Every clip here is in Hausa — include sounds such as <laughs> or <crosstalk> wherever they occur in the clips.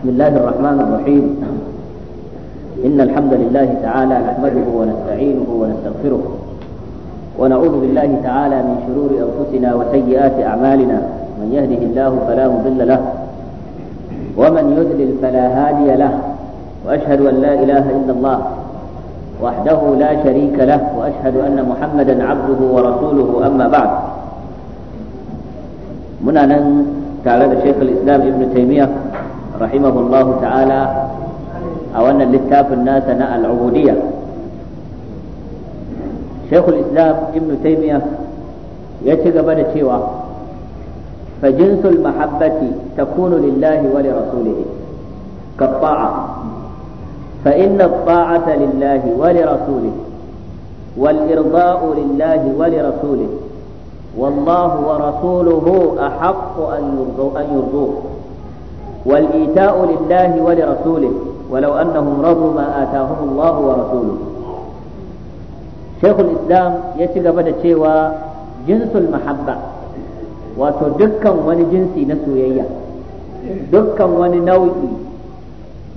بسم الله الرحمن الرحيم إن الحمد لله تعالى نحمده ونستعينه ونستغفره ونعوذ بالله تعالى من شرور أنفسنا وسيئات أعمالنا من يهده الله فلا مضل له ومن يذلل فلا هادي له وأشهد أن لا إله إلا الله وحده لا شريك له وأشهد أن محمدا عبده ورسوله أما بعد منا تعالى شيخ الإسلام ابن تيمية rahimahullahu ta'ala a wannan littafin nasa na al'ubudiyya shaykhul islam ibn taymiya ya ci gaba da cewa fa jinsul mahabbati takunu lillahi wa li rasulihi ka ta'a fa lillahi rasulihi wal lillahi والله ورسوله أحق أن يرضوه والإيتاء لله ولرسوله ولو أنهم رضوا ما آتاهم الله ورسوله شيخ الإسلام يتقبل الشيوى جنس المحبة وتدكا ونجنسي نسويا دكا وننوئي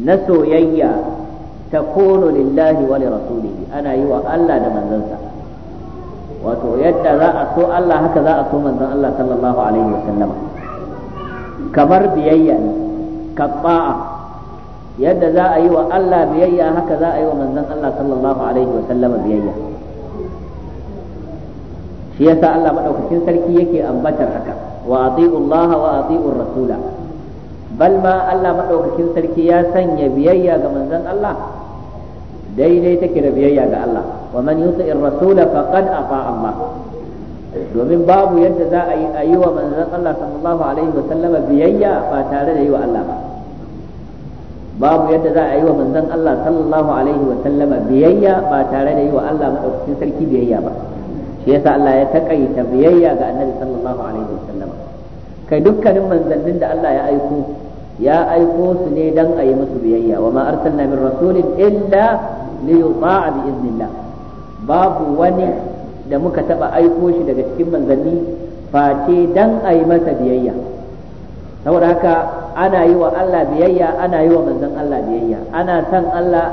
نسويا تكون لله ولرسوله أنا يوى ألا لمن زنسى wato yadda za a so Allah haka za a so manzon Allah sallallahu alaihi wasallama kamar biyayya ne katta'a yadda za a yi wa Allah biyayya haka za a yi wa manzon Allah sallallahu alaihi wa sallama biyayya shi yasa Allah maɗaukakin sarki yake ambatar haka wa ati'u Allah wa ati'u rasula bal ma Allah maɗaukakin sarki ya sanya biyayya ga manzon Allah daidai take da biyayya ga Allah wa man yuti'ir rasula faqad ata'a Allah domin babu yadda za a yi wa manzon Allah sallallahu alaihi wa sallama biyayya ba tare da yi wa Allah ba babu yadda za a yi wa manzon Allah sallallahu alaihi wa sallama biyayya ba tare da yi wa Allah madaukakin sarki biyayya ba shi yasa Allah ya takaita biyayya ga annabi sallallahu alaihi wa sallama kai dukkanin manzannin da Allah ya aiko ya aiko su ne dan a yi musu biyayya wa ma arsalna min rasulin illa li yuta'a bi iznillah babu wani da muka taba aiko shi daga cikin manzanni face dan a yi masa biyayya saboda haka ana yi wa Allah biyayya ana yi wa manzon Allah biyayya ana san Allah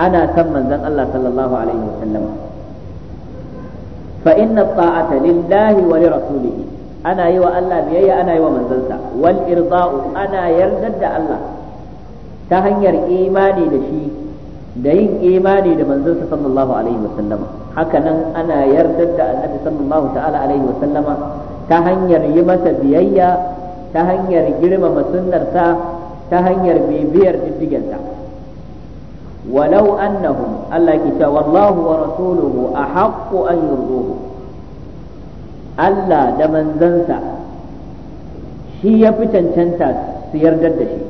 ana san manzon Allah sallallahu alaihi wa wasallam fa inna ta'ata lillahi wa li rasulihi ana yi wa Allah biyayya ana yi wa manzansa wal irda'u ana yarda da Allah ta hanyar imani da shi da yin imani da manzansa sallallahu alaihi wasallam haka nan ana yarda da annabi sallallahu ta'ala alaihi sallama ta hanyar yi masa biyayya ta hanyar girmama sunnarsa ta hanyar bibiyar diddigensa walau annahum Allah ke cewa wallahu wa rasuluhu ahaqqu an yurduhu Allah da manzansa shi ya fi cancanta su yarda shi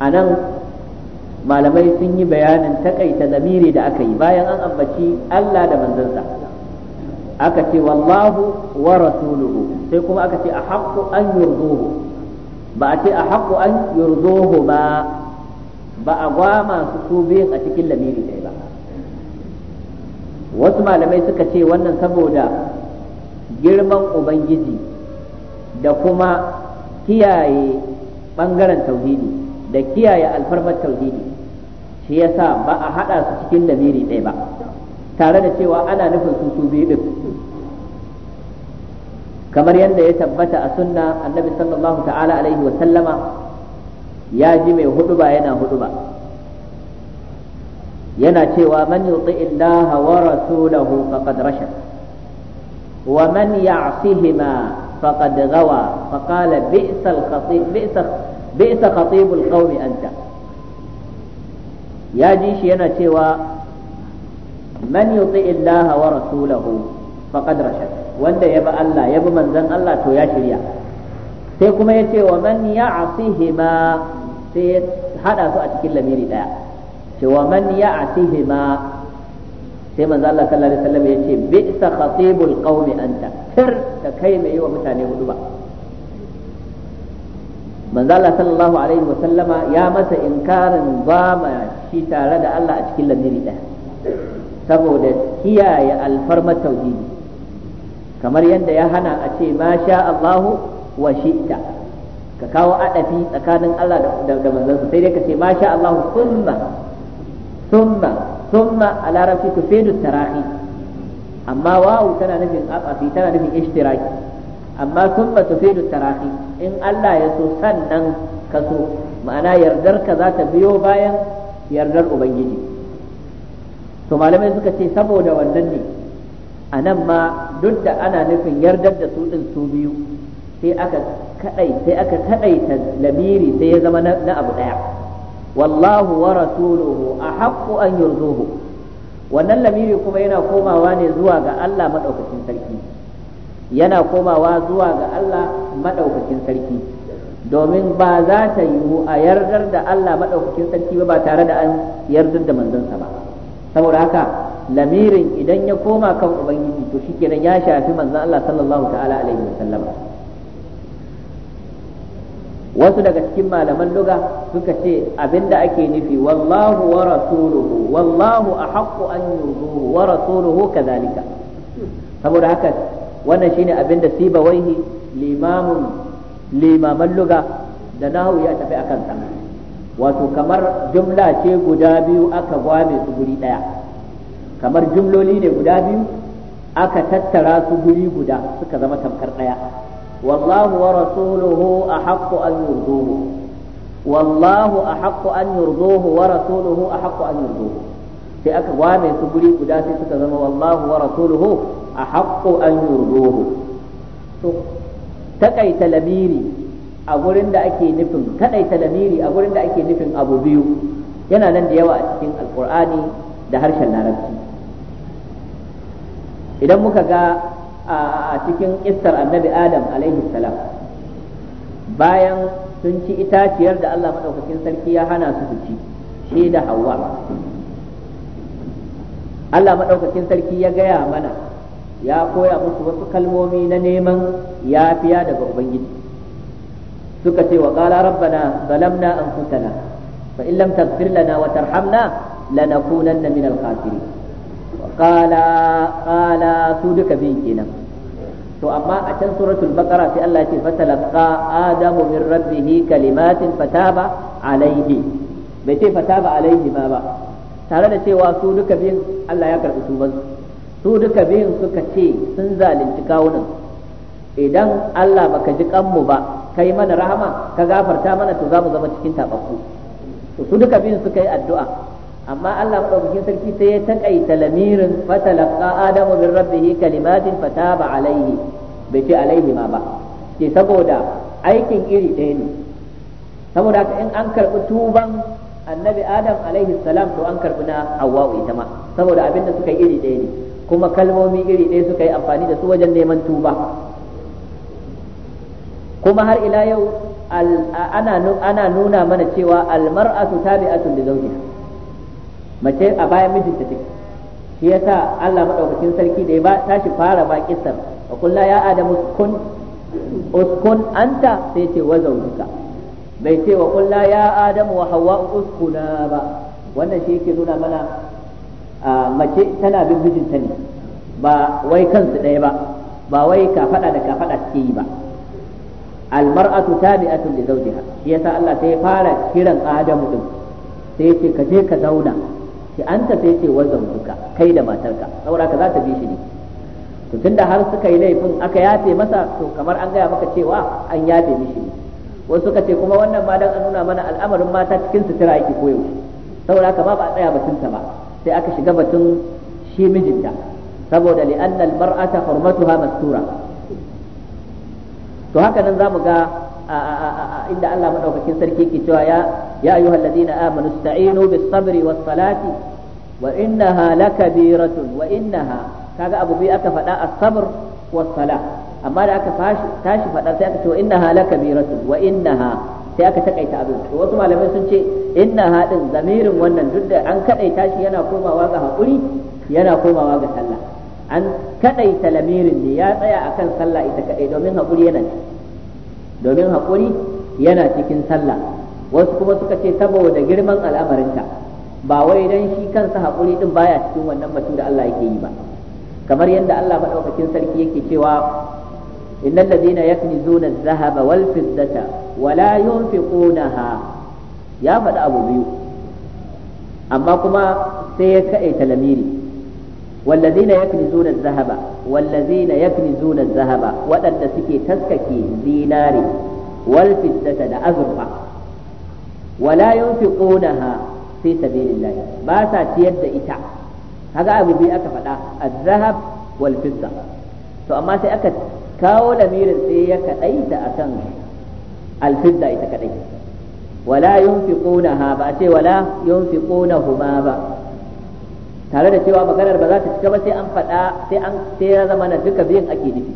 anan malamai sun yi bayanin takaita zamiri da aka yi bayan an ambaci Allah da manzansa aka ce wallahu wa rasuluhu sai kuma aka ce a haqqu an yurduhu ba a ce a haqqu an yurduhu ba ba a gwama su su biyun a cikin lamiri ɗaya ba wasu malamai suka ce wannan saboda girman ubangiji da kuma kiyaye ɓangaren tauhidi da kiyaye alfarmar tauhidi shi yasa ba a haɗa su cikin lamiri ɗaya ba tare da cewa ana nufin su su biyu din kamar yadda ya tabbata a sunna annabi sallallahu ta'ala alaihi sallama ya ji mai hudu ba yana hudu ba yana cewa man yuti illaha wa rasulahu faqad rashad wa man ya'sihima faqad gawa faqala bi'sa al-khatib bi'sa bi'sa khatibul qaumi anta ya ji shi yana cewa man yuti illaha wa rasulahu faqad rashad wanda yabi Allah yabi manzon Allah to ya shirya sai kuma yace wa man ya'sihima sai hada a cikin lamiri daya wa man sai manzo Allah sallallahu alaihi wasallam yace bi'sa khatibul qaumi anta tir ka kai mai wa mutane hudu ba manzo Allah sallallahu alaihi ya masa inkarin bamashi shi tare da Allah a cikin lamiri ɗaya saboda kiyaye alfarmar tauhidi kamar yadda ya hana a ce ma sha Allahu wa shi'ta ka kawo adafi tsakanin Allah da manzansa sai dai ka ce ma sha Allahu summa summa summa a larabci tufidu tarahi amma wawu tana nufin afafi tana nufin ishtiraki amma summa tufidu tarahi in Allah ya so sannan ka so ma'ana yardar ka za ta biyo bayan yardar ubangiji to malamai suka ce saboda wannan ne a nan ma duk da ana nufin yardar da su ɗin su biyu sai aka kadai sai aka kadaita lamiri sai ya zama na abu daya wallahu wa rasuluhu ahaqqu an yurduhu wannan lamiri kuma yana komawa ne zuwa ga Allah madaukakin sarki yana komawa zuwa ga Allah madaukakin sarki domin ba za ta yiwu a yardar da Allah madaukakin sarki ba ba tare da an yardar da manzon sa ba saboda haka lamirin idan ya koma kan ubangiji to shikenan ya shafi manzon Allah sallallahu ta'ala alaihi wasallama wasu daga cikin malaman luga suka ce abinda ake nufi wallahu wa rasuluhu wallahu ahaqqu an yuzuhu wa rasuluhu kadhalika saboda haka wannan shine abinda sibawaihi limamun limaman luga da nahu ya tafi akan sa wato kamar jumla ce guda biyu aka gwame su guri ɗaya kamar jumloli ne guda biyu aka tattara su guri guda suka zama tamkar ɗaya wallahu wa rasuluhu ahaqqu an yurduhu wallahu ahaqqu an yurduhu wa rasuluhu ahaqqu an yurduhu sai aka gwame su guri guda sai suka zama wallahu wa rasuluhu ahaqqu an yurduhu to takaita lamiri a gurin da ake nufin ta lamiri a gurin da ake nufin abu biyu yana nan da yawa a cikin alkur'ani da harshen larabci idan muka ga a cikin istar annabi adam alaihi salam bayan sun ci itaciyar da allah maɗaukakin sarki ya hana su su ci shi da hawa allah maɗaukakin sarki ya gaya mana ya koya musu wasu kalmomi na neman yafiya daga ubangiji suka ce wa qala rabbana zalamna anfusana fa in lam taghfir lana wa tarhamna lanakunanna min al-khasirin wa qala qala su duka bin kenan to amma a can suratul baqara sai Allah ya ce fatalaqa adamu min rabbih kalimatin fataba Alayhi bai ce fataba Alayhi ba ba tare da cewa su duka bin Allah ya karbi tubansu su duka biyun suka ce sun zalunci kawunan idan Allah baka ji kanmu ba kai mana rahama ka gafarta mana to za mu zama cikin tababbu to su duka biyun suka yi addu'a amma Allah madaukakin sarki sai ya takaita lamirin fatalaqa adamu min rabbih kalimatin fataba alaihi bai ce alaihi ma ba ke saboda aikin iri ɗaya ne saboda haka in an karbi tuban annabi adam alaihi salam to an karbi na hawwa ita ma saboda abin da suka yi iri ɗaya ne kuma kalmomi iri ɗaya suka yi amfani da su wajen neman tuba kuma har ila yau ana nuna mana cewa almar'atu tabi'atun da zawjiha mace a bayan mijinta take shi yasa Allah madaukakin sarki da ya ba tashi fara ba kissar wa kullu ya adamu uskun uskun anta sai ce wa zawjuka bai ce wa kullu ya adamu wa hawa uskuna ba wannan shi yake nuna mana mace tana bin mijinta ne ba wai kansu ɗaya ba ba wai kafada da kafaɗa ke yi ba almar'atu tabi'atun li zawjiha shi yasa Allah sai ya fara kiran Adamu din sai ka je ka zauna shi anta sai ya wa zawjuka kai da matarka saboda ka za ta bi shi ne to tunda har suka yi laifin aka yafe masa to kamar an gaya maka cewa an yafe mishi ne wasu suka ce kuma wannan ma dan an nuna mana al'amarin mata cikin sutura yake koyaushe saboda haka ba ba tsaya ta ba sai aka shiga batun shi mijinta saboda li'anna al-mar'ata hurmatuha mastura to haka nan mu ga inda Allah madaukakin sarki ke cewa ya ya ayyuhal ladina amanu ista'inu bis sabri was salati wa innaha lakabiratun wa innaha kaga abu bi aka faɗa as-sabr was sala amma da aka tashi faɗa sai aka ce wa innaha lakabiratun wa innaha sai aka takaita abin to wasu malamai sun ce inna hadin zamirin wannan duk da an kadaita shi yana komawa ga hakuri yana komawa ga sallah an kadaita talamirin ne ya tsaya a kan sallah ita kadai domin haƙuri yana domin haƙuri yana cikin sallah wasu kuma suka ce saboda girman al'amarinta ba wai dan shi kansa haƙuri din baya cikin wannan batun da Allah yake yi ba kamar yadda Allah madaukakin sarki yake cewa wal fiddata wa la yunfiqunaha ya faɗi abu biyu amma kuma sai ya سيكأي talamiri. والذين يكنزون الذهب والذين يكنزون الذهب waɗanda suke taskake zinari wal fiddata da azurfa wala yunfiqunaha fi sabilillah ba sa ciyar da ita har abu aka faɗa az-zahab wal to amma sai aka kawo lamirin sai ya kadaita akan al ita kadai wala ba ce wala yunfiqunahuma ba tare da cewa maganar ba za ta cika ba sai an faɗa sai an sai ya zama na duka biyun ake nufi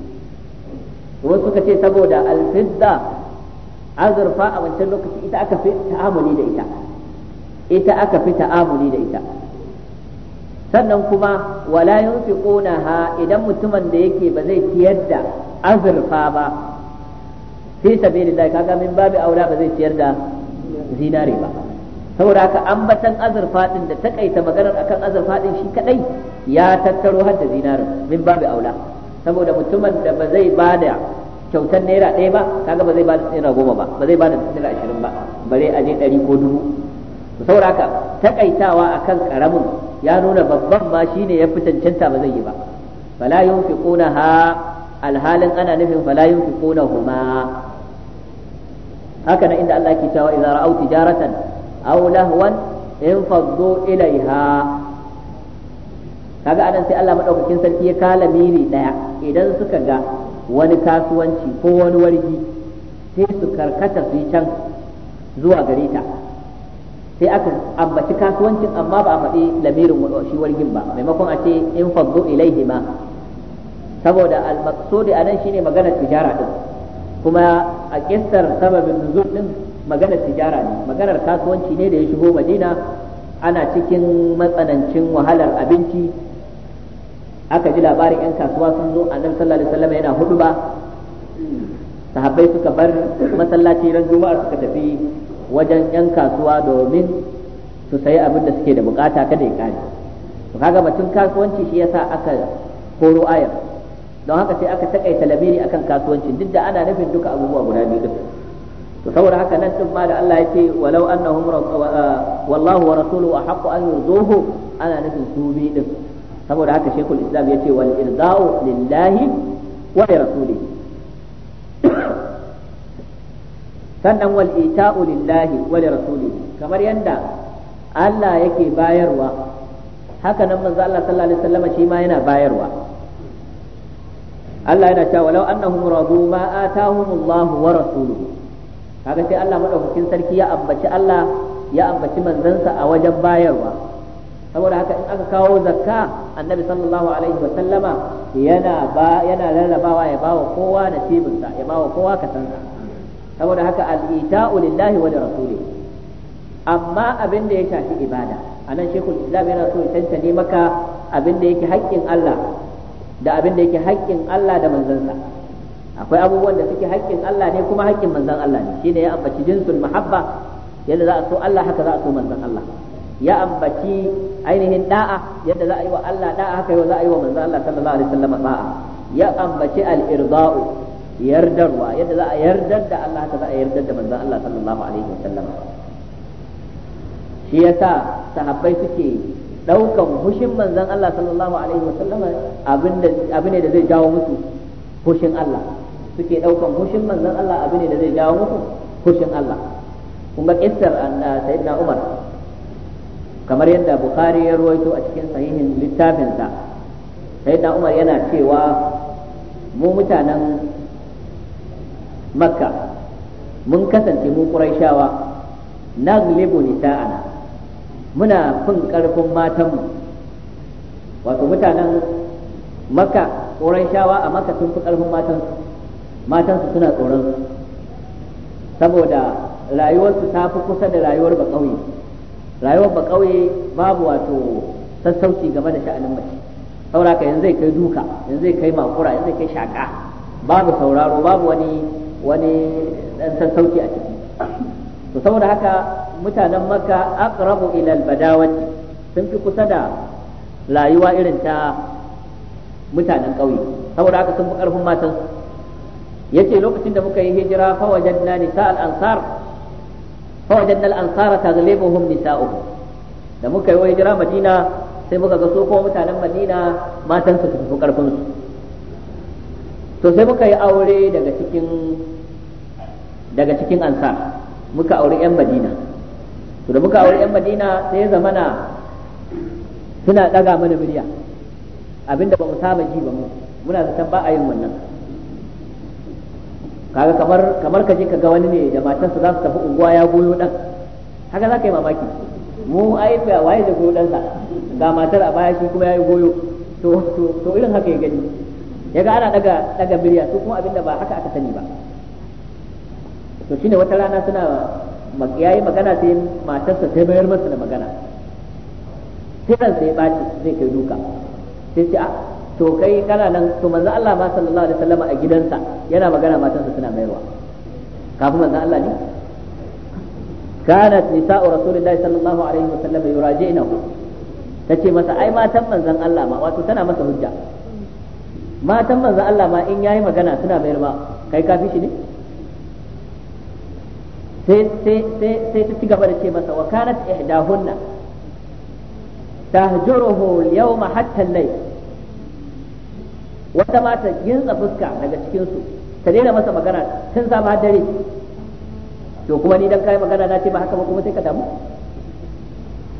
wasu suka ce saboda alfidda azurfa a wancan lokaci ita aka fi ta'amuli da ita ita aka fi ta'amuli da ita sannan kuma wala yunfiquna ha idan mutumin da yake ba zai ciyar da azurfa ba fi sabilillah kaga min babu aula ba zai ciyar da zinare ba saboda haka ambatan azurfa din da takaita maganar akan azurfa din shi kadai ya tattaro har da zinarin min babu aula saboda mutumin da ba zai bada kyautar naira ɗaya ba kaga ba zai da naira goma ba ba zai da naira ashirin ba bare a je ɗari ko dubu saboda haka takaitawa akan karamin ya nuna babban ma ne ya fi cancanta ba zai yi ba fala yunfiquna ha alhalin ana nufin fala yunfiquna huma haka na inda Allah ke cewa idza ra'aw tijaratan aw lahwan in faddu ilaiha kaga anan sai Allah madaukakin sarki ya kala miri daya idan suka ga wani kasuwanci ko wani wargi sai su karkata su yi can zuwa gare ta sai aka ambaci kasuwancin amma ba a faɗi lamirin shi wargin ba maimakon a ce in faddu ilaihi ma saboda al-maqsudi anan shine magana tijara din kuma a kissar sababin nuzul din maganar tijara ne maganar kasuwanci ne da ya shigo madina ana cikin matsanancin wahalar abinci aka ji labarin 'yan kasuwa sun zo annabi sallallahu alaihi wasallam yana hudu ba sahabbai suka bar masallaci ran juma'ar suka tafi wajen 'yan kasuwa domin su sayi abin da suke da bukata kada ya kare to kaga batun kasuwanci shi yasa aka koro ayar don haka sai aka takaita lamiri akan kasuwanci duk da ana nufin duka abubuwa guda biyu saboda haka nan din ma da Allah ya ce walau annahum wallahu wa rasuluhu ahqqu an yurduhu ana nufin su bi din saboda haka shekul islam ya ce wal irda'u lillahi wa li rasulihi <coughs> sannan wal ita'u lillahi wa li rasulihi kamar yanda Allah yake bayarwa haka nan manzo Allah sallallahu alaihi wasallam shi ma yana bayarwa Allah yana cewa walau annahum radu ma atahumullahu wa rasuluhu kaga sai Allah madaukakin sarki ya ambaci Allah ya ambaci manzansa a wajen bayarwa saboda haka in aka kawo zakka annabi sallallahu alaihi wa sallama yana ba yana rarrabawa ya bawa kowa nasibinsa ya bawa kowa kasansa saboda haka al-ita'u lillahi wa rasuli amma abin da ya shafi ibada anan shekul islam yana so ya tantane maka abin da yake haƙƙin Allah da abin da yake haƙƙin Allah da manzansa akwai abubuwan da suke haƙƙin Allah ne kuma haƙƙin manzon Allah ne shine ya ambaci jinsul mahabba yadda za a so Allah haka za a so manzon Allah ya ambaci ainihin da'a yadda za a yi wa Allah da'a haka za a yi wa manzon Allah sallallahu alaihi wasallam da'a ya ambaci al-irda'u yardarwa yadda za a yardar da Allah haka za a yardar da manzon Allah sallallahu alaihi wasallam shi yasa sahabbai suke daukan hushin manzon Allah sallallahu alaihi wasallam abin ne da zai jawo musu hushin Allah suke daukan hushin manzon Allah abu ne da zai jawo muku hushin Allah kuma ga kissar sayyidina Umar kamar yadda Bukhari ya ruwaito a cikin sahihin littafinsa sayyidina Umar yana cewa mu mutanen Makka mun kasance mu Qurayshawa naglibu nisa'ana muna fin karfin matanmu wato mutanen Makka Qurayshawa a Makka sun fi karfin matansu matansu suna tsoron su saboda rayuwarsu ta fi kusa da rayuwar ba rayuwar ba babu wato sassauci game da sha'anin mace sauraka yanzu zai kai duka yanzu zai kai makura yanzu zai kai shaka babu sauraro babu wani wani dan sassauci a ciki to saboda haka mutanen makka aqrabu ila albadawati sun fi kusa da rayuwa irin ta mutanen ƙauye saboda haka sun fi ƙarfin matan yace lokacin da muka yi hijira fa wajadna nisa'al ansar fa wajadna al ansar taghlibuhum nisa'uhum da muka yi hijira madina sai muka ga su kuma mutanen madina matan su tafi karfin su to sai muka yi aure daga cikin daga cikin ansar muka aure yan madina to da muka aure yan madina sai ya zamana suna daga mana miliya abinda ba mu saba ji ba mu muna zaton ba a yin wannan kaga kamar kamar ka je ka ga wani ne da matarsa za su tafi unguwa ya goyo dan haka za ka yi mamaki mu ai ba waye da goyo dan sa ga matar a baya shi kuma yayi goyo to to to irin haka ya gani ya ga ana daga daga birya su kuma abinda ba haka aka sani ba to shine wata rana suna yayi magana sai matarsa sai bayar masa da magana sai sai ya baci zai kai duka sai ce a ah, to kai kana nan to manzo Allah ma sallallahu alaihi wasallam a gidansa yana magana matansa suna mayarwa kafin manzo Allah ne kanat nisa'u rasulillahi sallallahu alaihi wasallam yuraji'nahu tace masa ai matan manzon Allah ma wato tana masa hujja matan manzon Allah ma in yayi magana suna mayar Kai kai kafi shi ne sai sai sai sai ta ci gaba da ce masa wa kanat ihdahunna tahjuruhu al-yawma hatta al-layl wata ma ta yinsa fuska daga cikin su ta daina masa magana tun safa har dare to kuma ni dan kai magana na ce ba haka ba kuma sai ka damu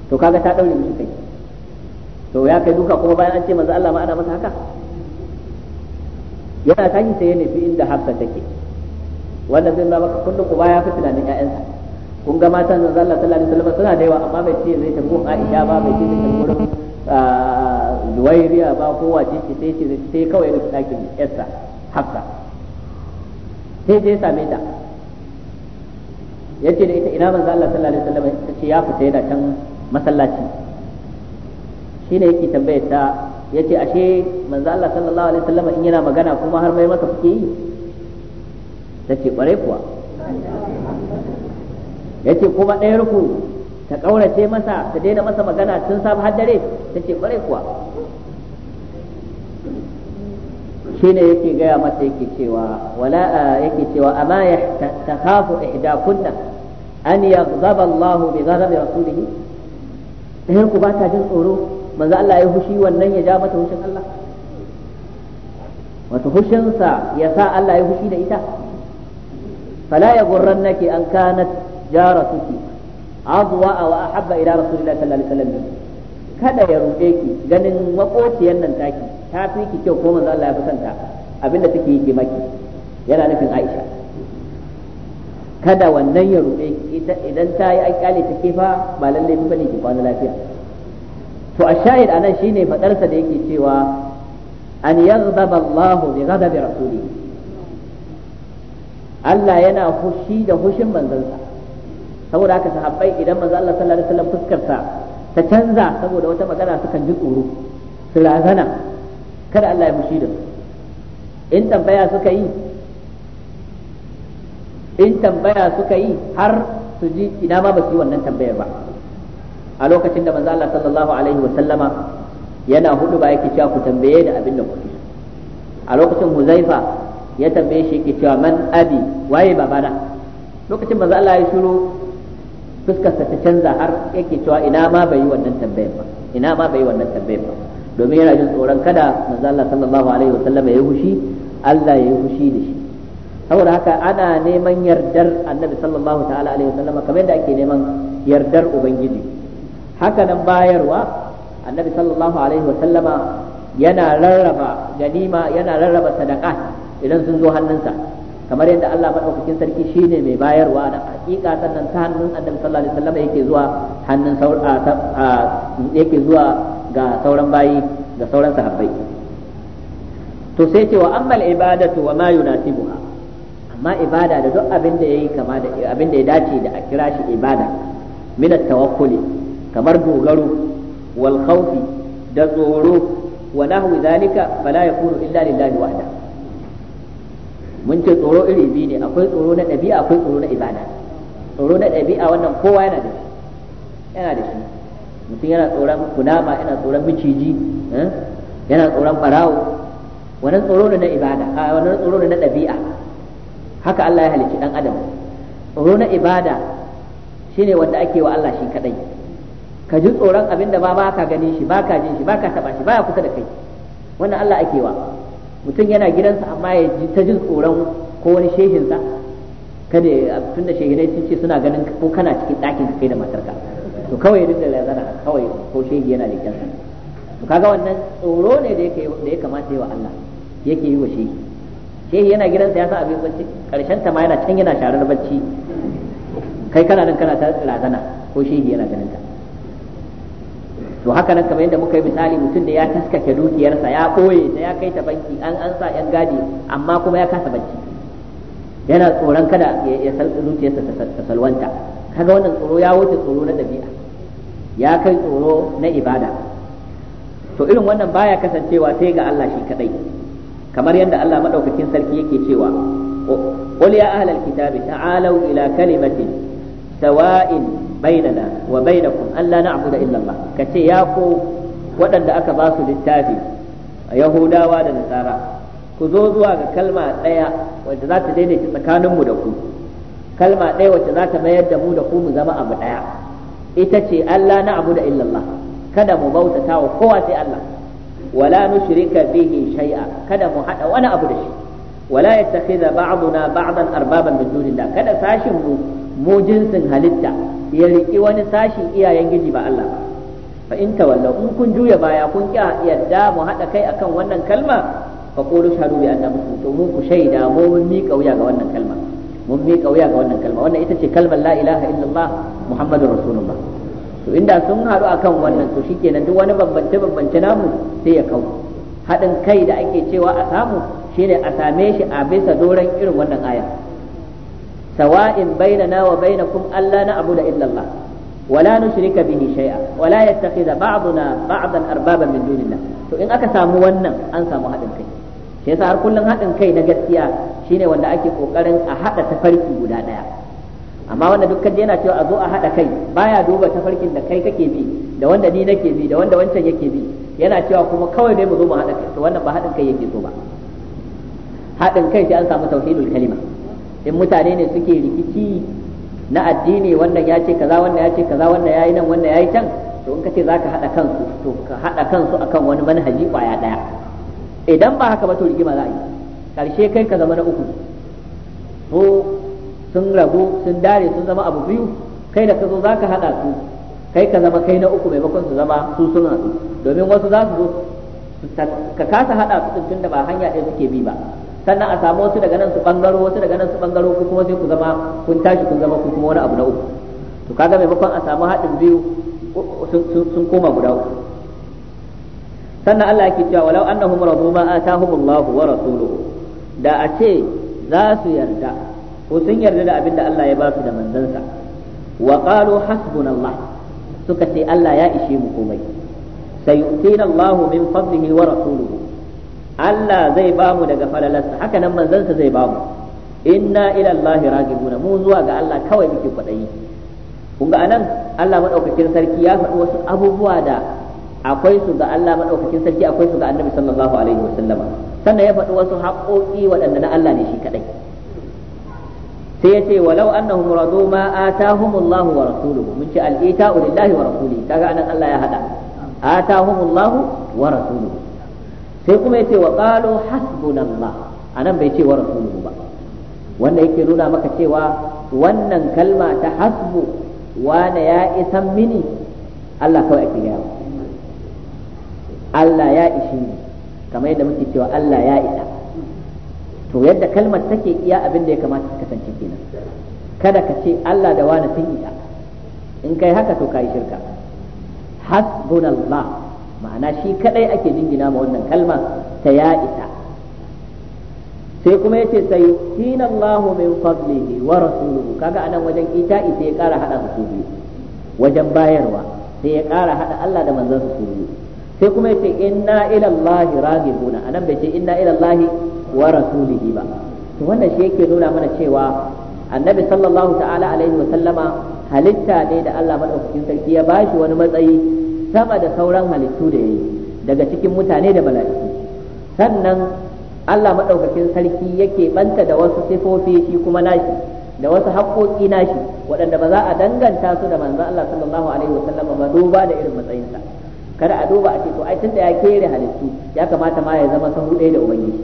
to kaga ta daure mishi kai to ya kai duka kuma bayan an ce manzo Allah ma ana masa haka yana tashi sai ya nufi inda hafsa take wanda zai na maka kullum ba ya fi tunanin ƴaƴansa kun ga matan manzo Allah sallallahu alaihi wasallam suna da yawa amma bai ce zai tafi Aisha ba bai ce zai tafi ah, zuwairiya ba kowa ce ce sai ce sai kawai fita ɗakin yarsa hafsa sai je same ta yace da ita ina manzo Allah sallallahu alaihi wasallam ta ce ya fita yana can masallaci shine yake tambayar ta yace ashe manzo Allah sallallahu alaihi wasallam in yana magana kuma har mai masa kuke yi tace kware kuwa yace kuma ɗaya rukun ta kaurace masa ta daina masa magana tun safe har dare ce kware kuwa shine yake gaya mata yake cewa wala yake cewa amma ya takhafu ihdakunna an yaghdaba Allah bi ghadabi rasulih ɗayan ku ba ta jin tsoro manzo Allah ya hushi wannan ya ja mata hushin Allah wato hushinsa ya sa Allah ya hushi da ita fala ya gurrannaki an kanat jaratuki azwa wa ahabba ila rasulillahi sallallahu alaihi wasallam kada ya ruɗe ki ganin makociyar nan taki ta fi ki kyau ko manzo Allah ya fi santa abinda take yi ke maki yana nufin Aisha kada wannan ya ruɗe ki idan ta yi alƙali ta kefa ba lalle ba ne ki kwana lafiya to a shahid anan shine fadarsa da yake cewa an yaghdaba Allah bi ghadabi rasulihi Allah yana fushi da hushin manzansa saboda haka sahabbai idan manzo Allah sallallahu alaihi wasallam fuskarsa ta canza saboda wata magana sukan ji tsoro su razana kada Allah ya mushi da in tambaya suka yi in tambaya suka yi har su ji ina ma ba su yi wannan tambayar ba a lokacin da manzo Allah sallallahu alaihi wasallama yana hudu ba yake cewa ku tambaye da abin da kuke a lokacin Huzaifa ya tambaye shi yake cewa man abi waye babana lokacin manzo Allah ya shiru fuskarsa ta canza har yake cewa ina ma bai yi wannan tambayar ba ina ma bai yi wannan tambayar ba domin yana jin tsoron kada manzo Allah sallallahu alaihi sallam ya yi fushi Allah ya yi fushi da shi saboda haka ana neman yardar annabi sallallahu ta'ala alaihi sallama, kamar yadda ake neman yardar ubangiji haka nan bayarwa annabi sallallahu alaihi sallama, yana rarraba ganima yana rarraba sadaka idan sun zo hannunsa kamar yadda Allah madaukakin sarki shine mai bayarwa da hakika sannan ta hannun annabi sallallahu alaihi wasallam yake zuwa hannun yake zuwa ga sauran bayi ga sauran sahabbai to sai ce wa ammal ibadatu wa ma yunasibuha amma ibada da duk abin da yayi kama da abin da ya dace da a kira shi ibada min tawakkuli kamar dogaro wal khawfi da tsoro wa nahwi zalika fala yakunu illa lillahi wahdahu mun ce tsoro iri biyu ne akwai tsoro na ɗabi'a akwai tsoro na ibada tsoro na ɗabi'a wannan kowa yana da shi yana da shi mutum yana tsoron kunama yana tsoron miciji eh, yana tsoron barawo wannan tsoro ne na ibada a wannan tsoro ne na ɗabi'a haka Allah ya halicci dan adam tsoro na ibada shine wanda ake wa Allah shi kadai ka ji tsoron abinda ba ba ka ganin shi ba ka jin shi ba ka taba shi ba ya kusa da kai wannan Allah ake wa mutum yana gidansa amma ya ji ta jin tsoron ko wani shehinsa kada da shehinai sun ce suna ganin ko kana cikin ɗakin kai da matarka to kawai ya dinga lazana kawai ko shehi yana da kyansa to kaga wannan tsoro ne da yake da ya kamata yi wa Allah yake yi wa shehi shehi yana gidansa ya sa abin bacci karshen ta ma yana can yana sharar bacci kai kana nan kana ta lazana ko shehi yana ganin ka to haka nan kamar yadda muka yi misali mutum da ya taskake dukiyarsa ya ɓoye ta ya kai ta banki an an sa yan gadi amma kuma ya kasa banki yana tsoron kada ya zuciyarsa ta salwanta kaga wannan tsoro ya wuce tsoro na dabi'a ya kai tsoro na ibada to irin wannan baya kasancewa sai ga Allah shi kadai kamar yadda Allah madaukakin sarki yake cewa qul ya ahlal kitabi ta'alu ila kalimatin sawa'in kace ya waɗanda aka ba su littafi yahudawa da ku zo zuwa ga kalma ɗaya wanda za ɗaya wacce za ta da mu da ku mu zama mu bautata wa kowa sai Allah kada mu wani arbaban kada mu mu jinsin halitta ya riki wani sashin iyayen giji ba Allah ba fa in tawallau in kun juya baya kun ki yadda mu hada kai akan wannan kalma fa qulu shahadu bi anna muslimun mu ku shaida mu mun miƙa wuya ga wannan kalma mun miƙa wuya ga wannan kalma wannan ita ce kalmar la ilaha illallah muhammadur rasulullah to inda sun haɗu akan wannan to shikenan duk wani bambance bambance namu sai ya kau haɗin kai da ake cewa a samu shine a same shi a bisa doron irin wannan aya sawa'in bainana wa bainakum alla na'budu illa Allah wa la nushrika bihi shay'a wa la yattakhidha ba'duna ba'dan arbaban min dunillah to in aka samu wannan an samu haɗin kai shi yasa har kullun hadin kai na gaskiya shine wanda ake kokarin a haɗa tafarki guda ɗaya. amma wanda dukkan yana cewa a zo a haɗa kai baya duba tafarkin da kai kake bi da wanda ni nake bi da wanda wancan yake bi yana cewa kuma kawai dai mu zo mu haɗa kai to wannan ba haɗin kai yake so ba Haɗin kai sai an samu tauhidul kalima in mutane ne suke rikici na addini wannan ya ce kaza wannan ya ce kaza wannan yayi nan wannan yayi can to in za zaka haɗa kansu to ka haɗa kansu akan wani manhaji ƙwaya ɗaya. idan ba haka ba to rigima za a yi karshe kai ka zama na uku ko sun rabu sun dare sun zama abu biyu kai da ka zo ka haɗa su kai ka zama kai na uku maimakon su zama su suna su domin wasu za su zo ka kasa haɗa su tun da ba hanya ɗaya suke bi ba sannan a samu wasu daga nan su bangaro wasu daga nan su bangaro ko kuma sai ku zama kun tashi kun zama ku kuma wani abu na uku to kaga maimakon a samu haɗin biyu sun koma guda uku sannan Allah yake cewa walau annahum radu ma atahumullahu wa rasuluhu da a ce za su yarda ko sun yarda da abin da Allah ya ba su da manzansa wa qalu hasbunallah suka ce Allah ya ishe mu komai sayu'tina Allahu min fadlihi wa rasuluhu Allah zai ba mu daga falalarsa haka nan manzansa zai ba mu inna ila Allah ragibuna mu zuwa ga Allah kawai muke kwadayi kun ga anan Allah madaukakin sarki ya faɗi wasu abubuwa da akwai su ga Allah madaukakin sarki akwai su ga Annabi sallallahu alaihi wasallama sannan ya faɗi wasu haƙoƙi waɗanda na Allah ne shi kadai sai ya ce walau annahum radu ma atahumullahu wa rasuluhu mun ce al-ita'u lillahi wa rasulihi kaga anan Allah ya hada atahumullahu wa rasuluhu sai kuma yace wa qalu hasbunallah anan bai ce wa rasuluhu ba wanda yake nuna maka cewa wannan kalma ta hasbu wane ya isan mini Allah kawai ake gaya Allah ya ishi ni kamar yadda muke cewa Allah ya isa to yadda kalmar take iya abin da ya kamata ka kasance kenan kada ka ce Allah da wani sun isa in kai haka to kai shirka hasbunallah ma'ana shi kadai ake jingina ma wannan kalma ta ya isa sai kuma yace sayu'tina Allahu min fadlihi wa rasuluhu kaga anan wajen ita-ita ya kara hada su biyu wajen bayarwa sai ya kara hada Allah da manzon su biyu sai kuma yace inna ila Allahi raghibuna anan bai ce inna ila Allahi wa rasulihi ba to wannan shi yake nuna mana cewa annabi sallallahu ta'ala alaihi wa sallama halitta ne da Allah madaukakin sarki ya bashi wani matsayi sama da sauran halittu da yayi daga cikin mutane da mala'iku sannan Allah madaukakin sarki yake banta da wasu sifofi shi kuma nashi da wasu haƙoƙi nashi waɗanda ba za a danganta su da manzo Allah sallallahu alaihi sallam ba duba da irin matsayinsa kada a duba a ce to ai tunda ya kere halittu ya kamata ma ya zama sahu ɗaya da ubangiji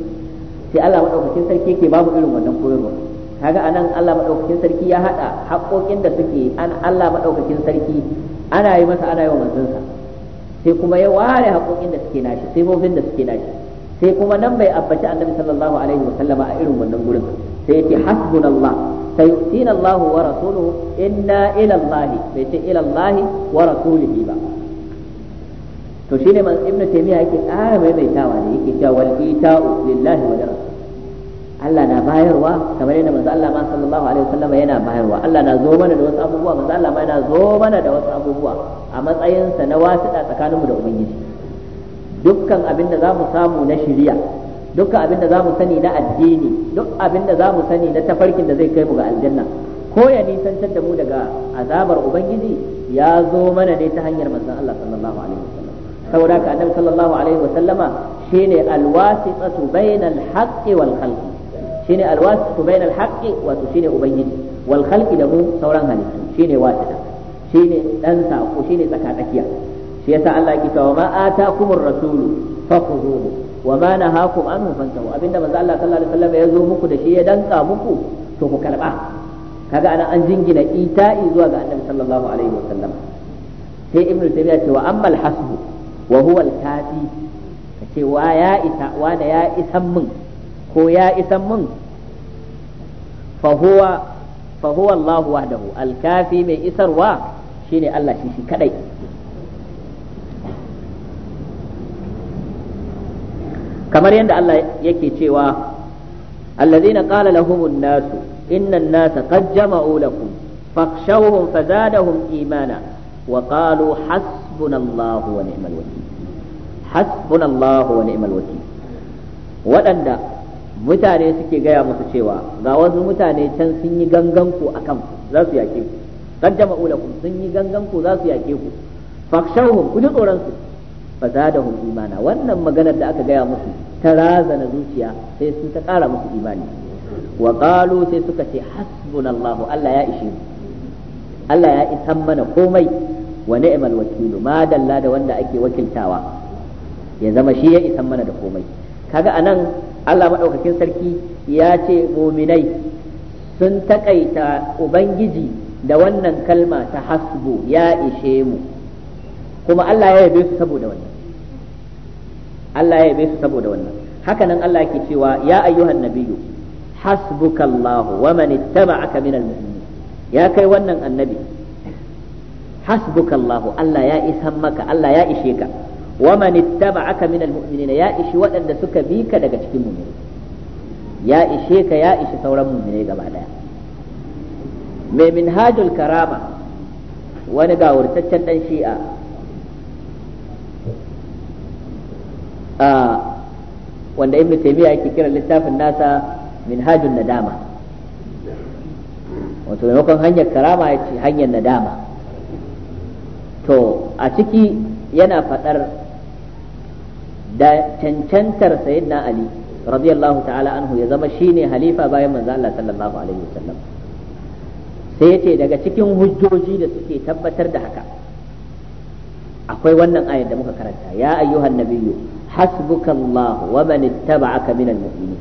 sai Allah madaukakin sarki yake babu irin wannan koyarwa kaga anan Allah madaukakin sarki ya hada haƙoƙin da suke an Allah madaukakin sarki ana yi masa ana yi wa manzansa sai kuma ya ware haƙoƙin da suke nashi sai mofin da suke nashi sai kuma nan bai abbaci annabi sallallahu alaihi wa sallama a irin wannan gurin sai yake hasbunallah sayu'tina Allahu wa rasuluhu inna ila Allah bai ce ila Allah wa rasulihi ba to shine ibnu taymiya yake ƙara maimaitawa ne yake cewa wal ita'u lillahi wa rasul Allah na bayarwa kamar yadda manzo Allah ma sallallahu alaihi wasallam yana bayarwa Allah na zo mana da wasu abubuwa manzo Allah ma yana zo mana da wasu abubuwa a matsayin sa na wasiɗa tsakaninmu da ubangiji dukkan abin da zamu samu na shari'a dukkan abin da zamu sani na addini duk abin da zamu sani na tafarkin da zai kai mu ga aljanna ko ya nisantar da mu daga azabar ubangiji ya zo mana ne ta hanyar manzon Allah sallallahu alaihi wasallam saboda ka annabi sallallahu alaihi wasallama shine alwasitatu bainal haqqi wal khalqi shine alwasitu bainal haqqi wato shine ubangiji wal khalqi da mu sauran halittu shine wasita shine dan sako shine tsakatsakiya shi yasa Allah yake cewa ma atakumur rasulu fakhuduhu wa ma nahakum anhu fantahu abinda manzo Allah sallallahu alaihi wasallam ya zo muku da shi ya danka muku to ku karba kaga ana an jingina ita'i zuwa ga annabi sallallahu alaihi wasallam sai ibnu taymiya cewa ammal hasbu wa huwa al-kafi kace wa ya isa wa da ya isan mun? ko ya isan mun fahuwa Allah wahdahu alkafi mai isarwa shine Allah shi shi kadai kamar yadda Allah yake cewa alladhina qala lahumun nasu innan nasa qad jama'u lakum fakhshawhum fazadahum imana wa qalu hasbunallahu wa ni'mal wakeel hasbunallahu wa mutane suke gaya musu cewa ga wasu mutane can sun yi gangan ku akan ku za su yake ku qad jama'u lakum sun yi gangan za su yake ku fakshauhum ku ji tsoron su zadahum imana wannan maganar da aka gaya musu ta razana zuciya sai su ta ƙara musu imani wa qalu sai suka ce hasbunallahu Allah ya ishe Allah ya isan mana komai wa ni'mal wakilu ma dalla da wanda ake wakiltawa ya zama shi ya isan mana da komai kaga anan Allah maɗaukakin sarki ya ce muminai sun takaita ubangiji da wannan kalma ta hasbu ya ishe mu kuma Allah ya yabe su saboda wannan Allah ya yabe su saboda wannan haka nan Allah yake cewa ya ayyuhan nabiyyu hasbukallahu wa man ittaba'aka minal mu'minin ya kai wannan annabi hasbukallahu Allah ya isan maka Allah ya ishe ka wa man ittaba'aka minal mu'minina ya ishi waɗanda suka bi ka daga cikin mu'mini ya ishe ka ya ishi sauran mu'mini gaba daya mai hajul karama wani wurtaccen dan shi'a wanda ibnu taymiya yake kira littafin nasa hajul nadama wato maimakon hanyar karama ya ce hanyar nadama to a ciki yana faɗar da cancantar sayyidina ali radiyallahu ta'ala anhu ya zama shine halifa bayan manzo Allah sallallahu alaihi wasallam sai yace daga cikin hujjoji da suke tabbatar da haka akwai wannan ayar da muka karanta ya ayyuhan nabiyyu hasbukallahu wa man ittaba'aka minal mu'minin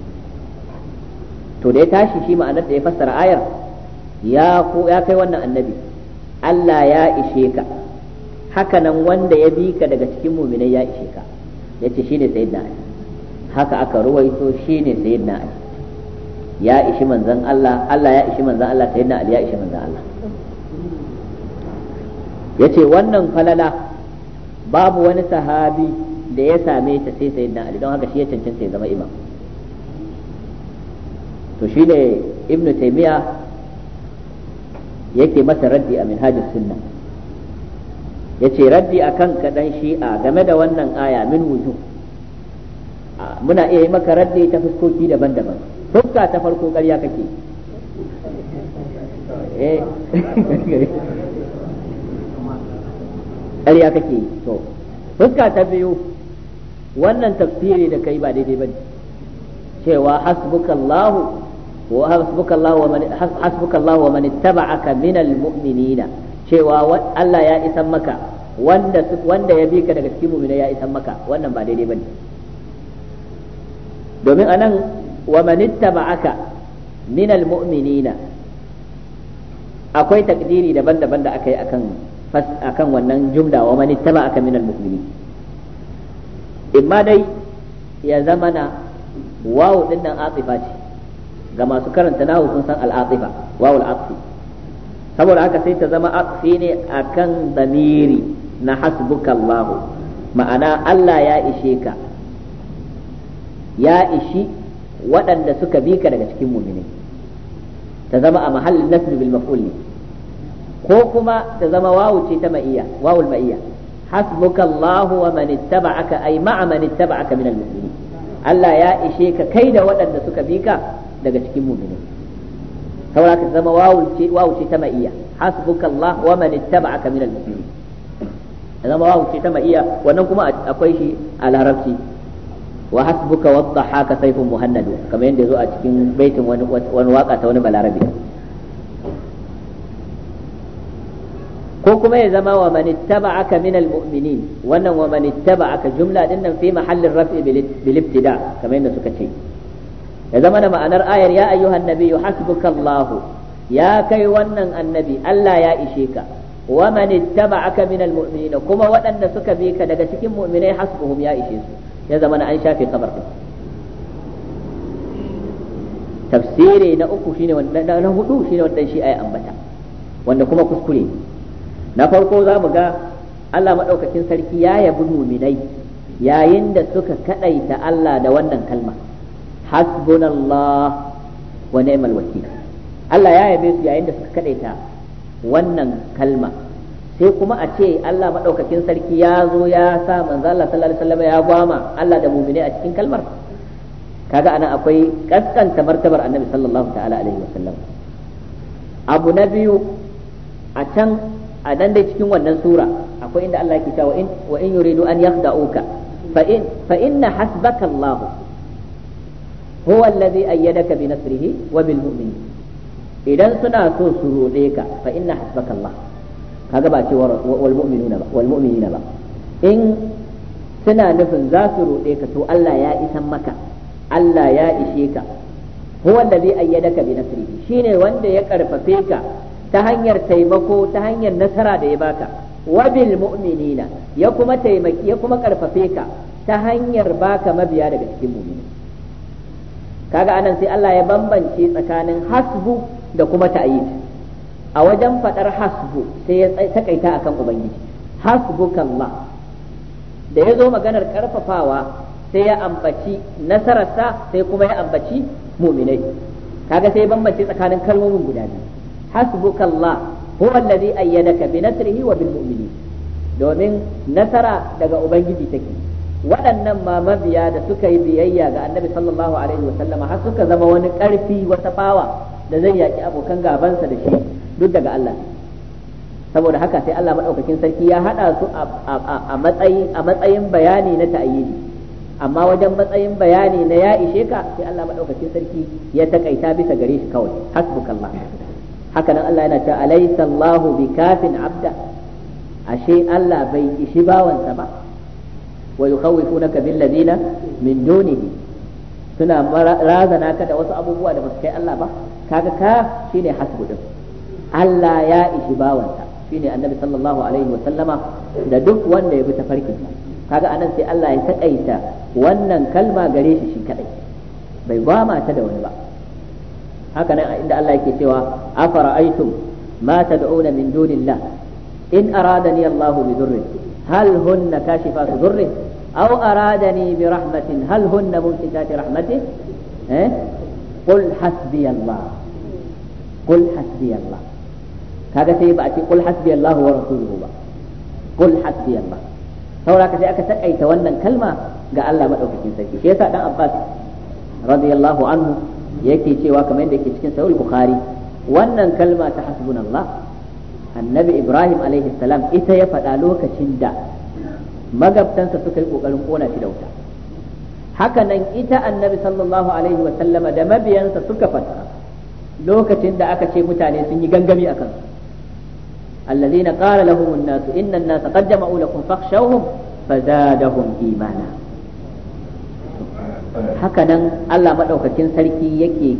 to da ya tashi shi ma'anar da ya fassara ayar ya ya kai wannan annabi Allah ya ishe ka hakanan wanda ya bi ka daga cikin muminai ya ishe ka yace shine sayyidina ali haka aka ruwaito shine sayyidina ali ya ishi manzan Allah Allah ya ishi manzan Allah sayyidina ali ya ishi manzan Allah yace wannan falala babu wani sahabi da ya same ta sai sayyidina ali don haka shi ya cancanta ya zama imam to shine ibnu taymiya yake masa raddi a minhajus sunnah yace raddi a kan kadan shi'a game da wannan aya min wujo muna iya yi maka raddi ta fuskoki daban-daban fuska ta farko ƙarya kake eh. <laughs> ƙarya kake to fuska ta biyu wannan tafsiri da kai ba daidai ba cewa hasbukallahu wa hasbukallahu wa man hasbukallahu wa man ittaba'aka minal mu'minina cewa Allah ya isan maka wanda wanda ya bi ka daga cikin mu'mina ya isan maka wannan ba daidai bane domin anan wa man ittaba'aka minal akwai takdiri daban-daban da aka yi akan akan wannan jumla wa man aka minal mu'minin imma dai ya zama na wawu din nan atifa ce ga masu karanta nahu sun san al-atifa wawul atfi saboda haka sai ta zama aqfi ne akan damiri na hasbukallahu ma'ana Allah ya ishe ka ya ishi waɗanda suka bi ka daga cikin mu'mini ta zama a mahallin nasbi bil maf'ul ne ko kuma ta zama wawu ce ta ma'iyya wawul ma'iyya hasbukallahu wa man ittaba'aka ay ma'a man ittaba'aka minal mu'minin Allah ya ishe ka kai da waɗanda suka bi ka daga cikin mu'mini saboda ka zama wawu ce ta ma'iya hasbukallah wa man ittaba'aka minal muslimin zama wawu ce ta ma'iya wannan kuma akwai shi a larabci wa hasbuka wadhahaka sayfun muhannadu kamar yadda zo a cikin baitin wani wani waka ta wani balarabi ko kuma ya zama wa man ittaba'aka minal mu'minin wannan wa man ittaba'aka jumla din nan fi mahallin raf'i bil ibtida kamar yadda suka ce ya zama da ma'anar ayar ya annabi nabiyyu hasbukallahu ya kai wannan annabi Allah ya ishe ka wa man ittaba'aka minal mu'minina kuma waɗanda suka bi ka daga cikin mu'minai hasbuhum ya ishe su ya zama an shafe kabar tafsiri na uku shine wanda na hudu shine wanda shi ayi ambata wanda kuma kuskure na farko za mu ga Allah madaukakin sarki ya yabi mu'minai yayin da suka kadaita Allah da wannan kalma hasbunallah wa ni'mal wakil Allah ya yabe su yayin da suka kadaita wannan kalma sai kuma a ce Allah maɗaukakin sarki ya zo ya sa manzala Allah sallallahu alaihi wasallam ya gwama Allah da muminai a cikin kalmar kaga anan akwai kaskanta martabar annabi sallallahu ta'ala alaihi wasallam abu na biyu a can a nan dai cikin wannan sura akwai inda Allah ke cewa wa in yuridu an yakhda'uka fa in fa inna hasbaka huwa allazi ayyadaka bi nasrihi wa bil mu'minin idan suna so su roɗe ka fa hasbaka Allah kaga ba ce ba in suna nufin za su roɗe ka to Allah ya isan maka Allah ya ishe ka huwa allazi ayyadaka bi nasrihi shine wanda ya karfafe ka ta hanyar taimako ta hanyar nasara da ya baka wa mu'minina ya kuma karfafe ka ta hanyar baka mabiya daga cikin kaga anan sai Allah ya bambance tsakanin hasbu da kuma ta'yid a wajen fadar hasbu sai ya takaita akan ubangiji hasbukallah da ya zo maganar karfafawa sai ya ambaci nasararsa sai kuma ya ambaci muminai kaga sai ya bambance tsakanin kalmomin guda biyu hasbukallah huwa allazi ayyadaka bi nasrihi wa bil mu'minin domin nasara daga ubangiji take waɗannan ma mabiya da suka yi biyayya ga annabi sallallahu alaihi wa sallama har suka zama wani ƙarfi wata fawa da zai yaki abokan gabansa da shi duk daga Allah saboda haka sai Allah madaukakin sarki ya hada su a matsayin a matsayin bayani na ta'ayyidi amma wajen matsayin bayani na ya ishe ka sai Allah madaukakin sarki ya takaita bisa gare shi kawai hasbukallah haka nan Allah yana ta alaysa Allahu bikafin abda ashe Allah bai ishi bawansa ba wa na kabila ladina min suna razana ka da wasu abubuwa da basu kai Allah ba kaga ka shine hasbu Allah ya ishi bawansa shine annabi sallallahu alaihi wa sallama da duk wanda ya bi ta farkin kaga anan sai Allah ya takaita wannan kalma gare shi shi kadai bai ba mata da wani ba haka nan inda Allah yake cewa afara'aytum ma tad'una min dunillah in aradani allahu bi dhurri hal hunna kashifatu dhurri أو أرادني برحمة هل هن ممسكات رحمته؟ إيه؟ قل حسبي الله قل حسبي الله هذا سيب قل حسبي الله ورسوله با. قل حسبي الله ثورة كثي أكثر أي تولى الكلمة قال الله ما أوكي سكي شيء نعم، أباس رضي الله عنه يكي شيء واكما يكي تكين سوي البخاري وانا كلمة تحسبنا الله النبي إبراهيم عليه السلام إتا يفعل لوك شندا magabtansa suka yi kokarin kona shi da wuta haka nan ita annabi sallallahu alaihi wa sallama da mabiyansa suka fata lokacin da aka ce mutane sun yi gangami akan su alladhina qala lahum an-nas inna an-nasa qad jama'u lakum fakhshawhum fazadahum imana haka nan Allah madaukakin sarki yake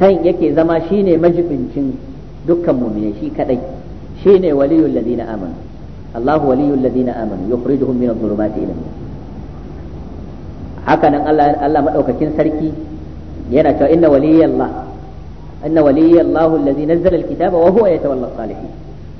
san yake zama shine majibincin dukkan mu'mini shi kadai shine waliyul ladina amanu Allahu waliyul ladina amanu yukhrijuhum minadh dhulumati ila nur haka nan Allah Allah madaukakin sarki yana cewa inna waliyallah inna waliyallahu alladhi nazzala alkitaba wa huwa yatawalla salihin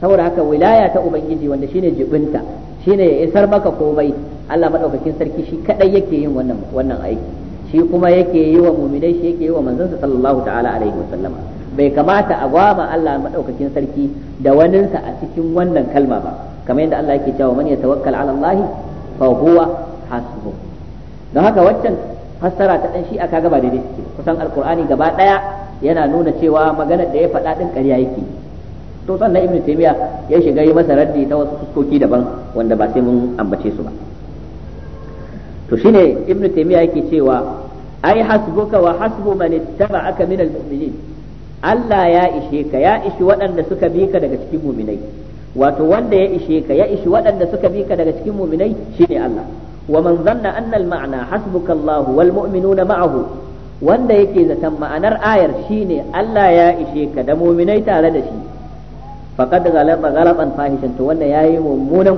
saboda haka wilaya ta ubangiji wanda shine jibinta shine ya isar maka komai Allah madaukakin sarki shi kadai yake yin wannan wannan aiki shi kuma yake yi wa mu'minai shi yake yi wa manzansa sallallahu ta'ala alaihi wa sallama bai kamata a gwama Allah madaukakin sarki da waninsa a cikin wannan kalma ba kamar yadda Allah yake cewa man tawakkal ala Allah fa huwa hasbuh don haka waccan fassara ta dan aka gaba da dai take kusan alqur'ani gaba daya yana nuna cewa maganar da ya faɗa din ƙarya yake to sannan ibnu taymiya ya shiga yi masa raddi ta wasu fuskoki daban wanda ba sai mun ambace su ba to shine ibnu taymiya yake cewa ai hasbuka wa hasbu man ittaba'aka min al-mu'minin Allah ya ishe ka ya ishi waɗanda suka bi ka daga cikin muminai wato wanda ya ishe ka ya ishi waɗanda suka bi ka daga cikin mu'minai shine Allah wa man zanna anna al ma'na hasbuka Allah wal mu'minuna ma'ahu wanda yake zaton ma'anar ayar shine Allah ya ishe ka da mu'minai tare da shi faqad ghalaba ghalaban fahishan to wannan yayi mummunan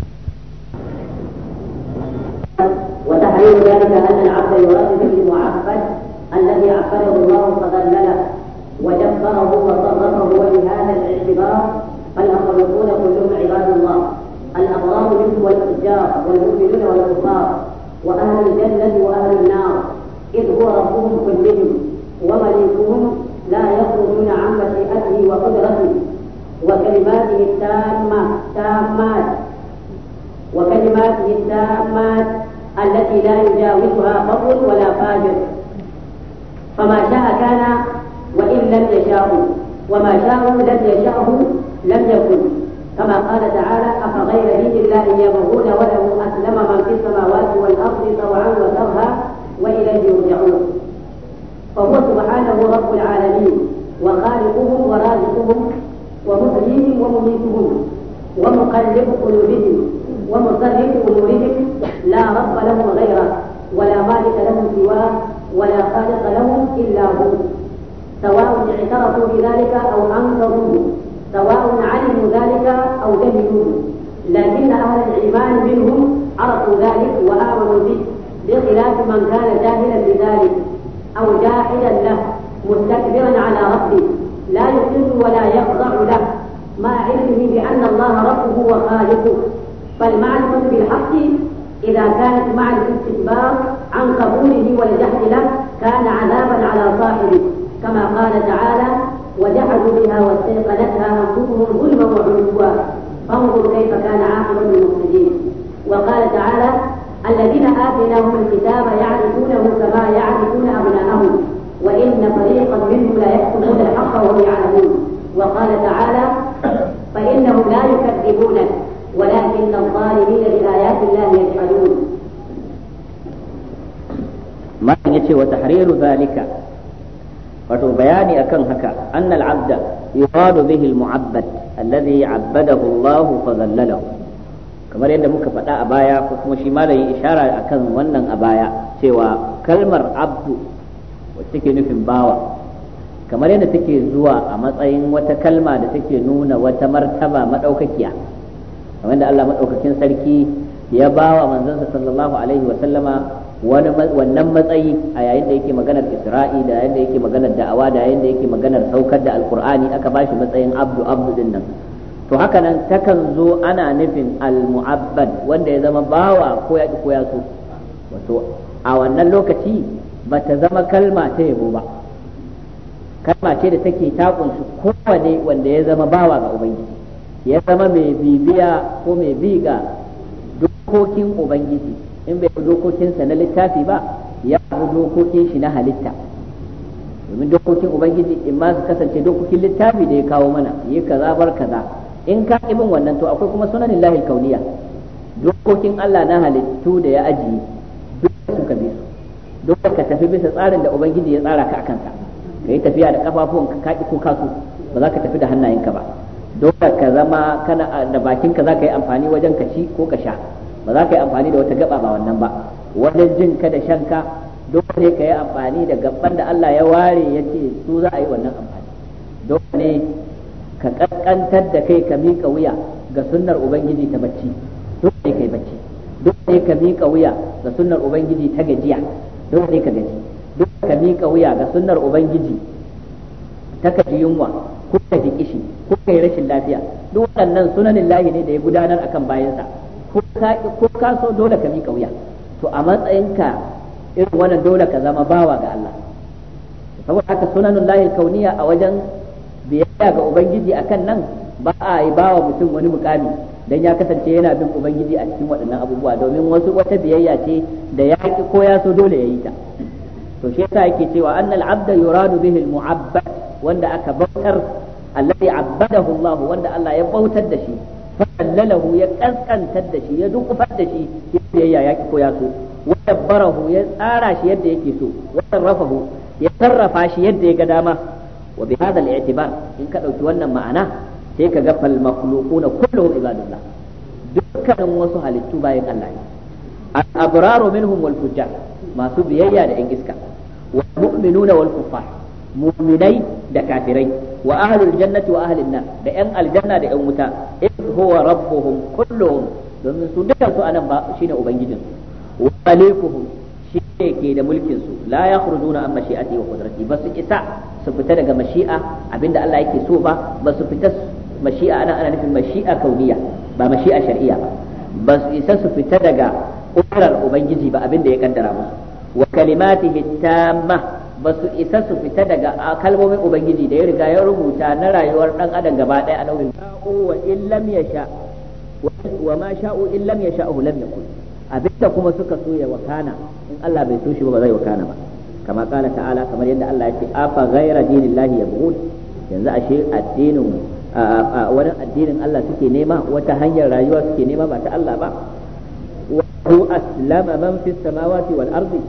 المراد به المعبد الذي عبده الله فذلله kamar yadda muka faɗa a baya ko kuma shi ma yi ishara akan wannan a baya cewa kalmar abdu wacce take nufin bawa kamar yadda take zuwa a matsayin wata kalma da take nuna wata martaba madaukakiya kamar yadda Allah madaukakin sarki ya bawa manzansa sallallahu alaihi wa sallama wannan matsayi a yayin da yake maganar isra'i da yayin da yake maganar da'awa da yayin da yake maganar saukar da alkur'ani aka bashi matsayin abdu abdu din nan to haka nan takan zo ana nufin almu'abbad wanda ya zama bawa ko ya ko ya so wato a wannan lokaci ba ta zama kalma ta yabo ba kalma ce da take ta kunshi kowane wanda ya zama bawa ga ubangiji ya zama mai bibiya ko mai bi ga dokokin ubangiji in bai bi dokokinsa na littafi ba ya bi dokokin shi na halitta domin dokokin ubangiji in ma su kasance dokokin littafi da ya kawo mana yi kaza bar kaza in ka ibin wannan to akwai kuma sunanin lahil kauniya dokokin Allah na halittu da ya ajiye duk su ka bi su ka tafi bisa tsarin da ubangiji ya tsara ka akan ka yi tafiya da kafafun ka kaki ko kasu ba za ka tafi da hannayenka ba dokar ka zama kana da bakinka za ka yi amfani wajen ka ci ko ka sha ba za ka yi amfani da wata gaba ba wannan ba wajen jin ka da shanka dole ka yi amfani da gaban da Allah ya ware ya ce su za a yi wannan amfani dole ka kankantar da kai ka miƙa wuya ga sunnar ubangiji ta bacci dole kai bacci dole ka miƙa wuya ga sunnar ubangiji ta gajiya dole ka gaji dole ka miƙa wuya ga sunnar ubangiji ta kaji yunwa ko ka ji kishi ko kai rashin lafiya duk waɗannan sunanin lahi ne da ya gudanar akan bayansa ko ka ka so dole ka mika wuya to a matsayinka irin wannan dole ka zama bawa ga Allah saboda haka sunanullahi kauniya a wajen biyayya ga ubangiji a kan nan ba a yi bawa mutum wani mukami dan ya kasance yana bin ubangiji a cikin waɗannan abubuwa domin wasu wata biyayya ce da ya ki ko ya so dole ya yi ta to shi yasa yake cewa annal abda yuradu bihi al mu'abbad wanda aka bautar alladhi abadahu Allah wanda Allah ya bautar da shi fadallalahu ya kaskantar da shi ya dukufar da shi yadda ya yaki ko ya so wa barahu ya tsara shi yadda yake so wa rafahu ya sarrafa shi yadda ya ga dama wa bi hadha al-i'tibar in ka dauki wannan ma'ana sai ka ga fal makhluquna kulluhum ibadullah dukkanin wasu halittu bayan Allah ne al-abraru minhum wal fujjar masu biyayya da yan iska wal mu'minuna wal kuffar mu'minai da kafirai wa ahlul jannati wa ahlin nar da yan aljanna da yan wuta in huwa rabbuhum kulluhum domin su duka su anan ba shine ubangijin wa malikuhum shine ke da mulkin su la yakhrujuna amma mashi'ati wa qudrati basu isa su fita daga mashi'a abinda Allah yake so ba basu fita mashi'a ana ana nufin mashi'a kauniya ba mashi'a shar'iyya ba ba su isa su fita daga ƙurar ubangiji ba abinda ya kaddara musu wa kalimatihi tamma ba su isa su fita daga kalmomin ubangiji da ya riga ya rubuta na rayuwar dan adam gaba ɗaya a nauyin wa illam yasha wa ma sha'u illam yasha'u lam yakun abinda kuma suka so ya wakana in Allah bai so shi ba zai wakana ba kama kala ta'ala kamar yadda Allah ya ce afa ghaira dinillahi yabghun yanzu ashe addinin wani addinin Allah suke nema wata hanyar rayuwa suke nema ba ta Allah ba wa aslama man fis samawati wal ardi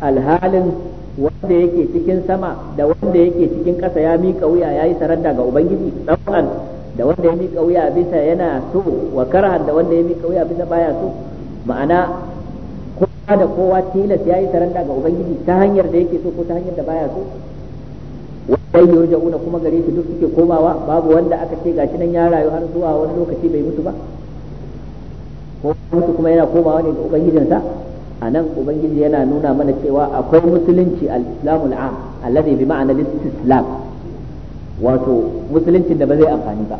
alhalin wanda yake cikin sama da wanda yake cikin ƙasa ya mika wuya ya yi saranda ga ubangiji ɗaukan da wanda ya miƙa wuya bisa yana so wa karhan da wanda ya miƙa wuya bisa baya so ma'ana kowa da kowa tilas ya yi saranda ga ubangiji ta hanyar da yake so ko ta hanyar da baya so wanda ya kuma gare su duk suke komawa babu wanda aka ce gashi nan ya rayu har zuwa wani lokaci bai mutu ba ko mutu kuma yana komawa ne ga ubangijinsa a nan ubangiji yana nuna mana cewa akwai musulunci al-islamu al-am alladhi bi ma'ana al-istislam wato musulunci da ba zai amfani ba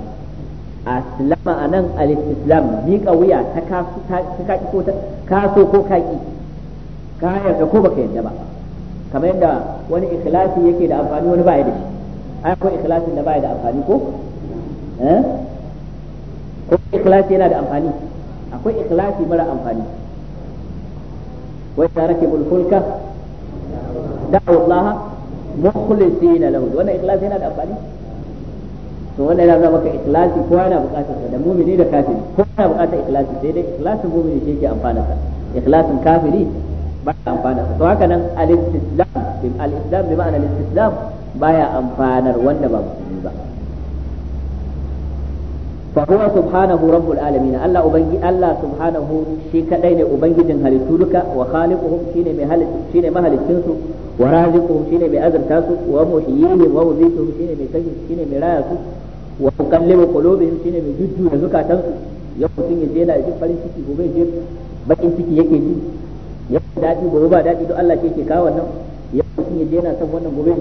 aslama anan al-istislam bi qawiya ta kasu ta ko ta kaso ko kaki ka yarda ko baka yarda ba kamar yadda wani ikhlasi yake da amfani wani baya da shi ai akwai ikhlasin da baya da amfani ko eh ko ikhlasi yana da amfani akwai ikhlasi mara amfani وإذا ركبوا الفلك دعوا الله مخلصين له وانا إخلاص هنا الأفعالي to wannan yana zama ka ikhlasi ko yana bukatar sa da mumini da kafiri ko yana bukatar ikhlasi sai dai ikhlasin mumini shi yake amfana sa ikhlasin kafiri ba ka amfana sa to haka nan al-istislam bil al-islam bi ma'ana al-istislam baya amfanar wanda ba musulmi ba fa huwa subhanahu rabbul alamin Allah ubangi Allah subhanahu shi kadai ne ubangijin halittu duka wa khaliquhum shine mai halittu shine shine mai azurta su wa muhyihim wa mumituhum mai raya su wa muqallibu qulubihim shine mai jujju da yau mutum ya je yana jin farin ciki gobe je bakin ciki yake ji yau dadi gobe ba dadi to Allah ke ke kawo yau mutum ya je wannan gobe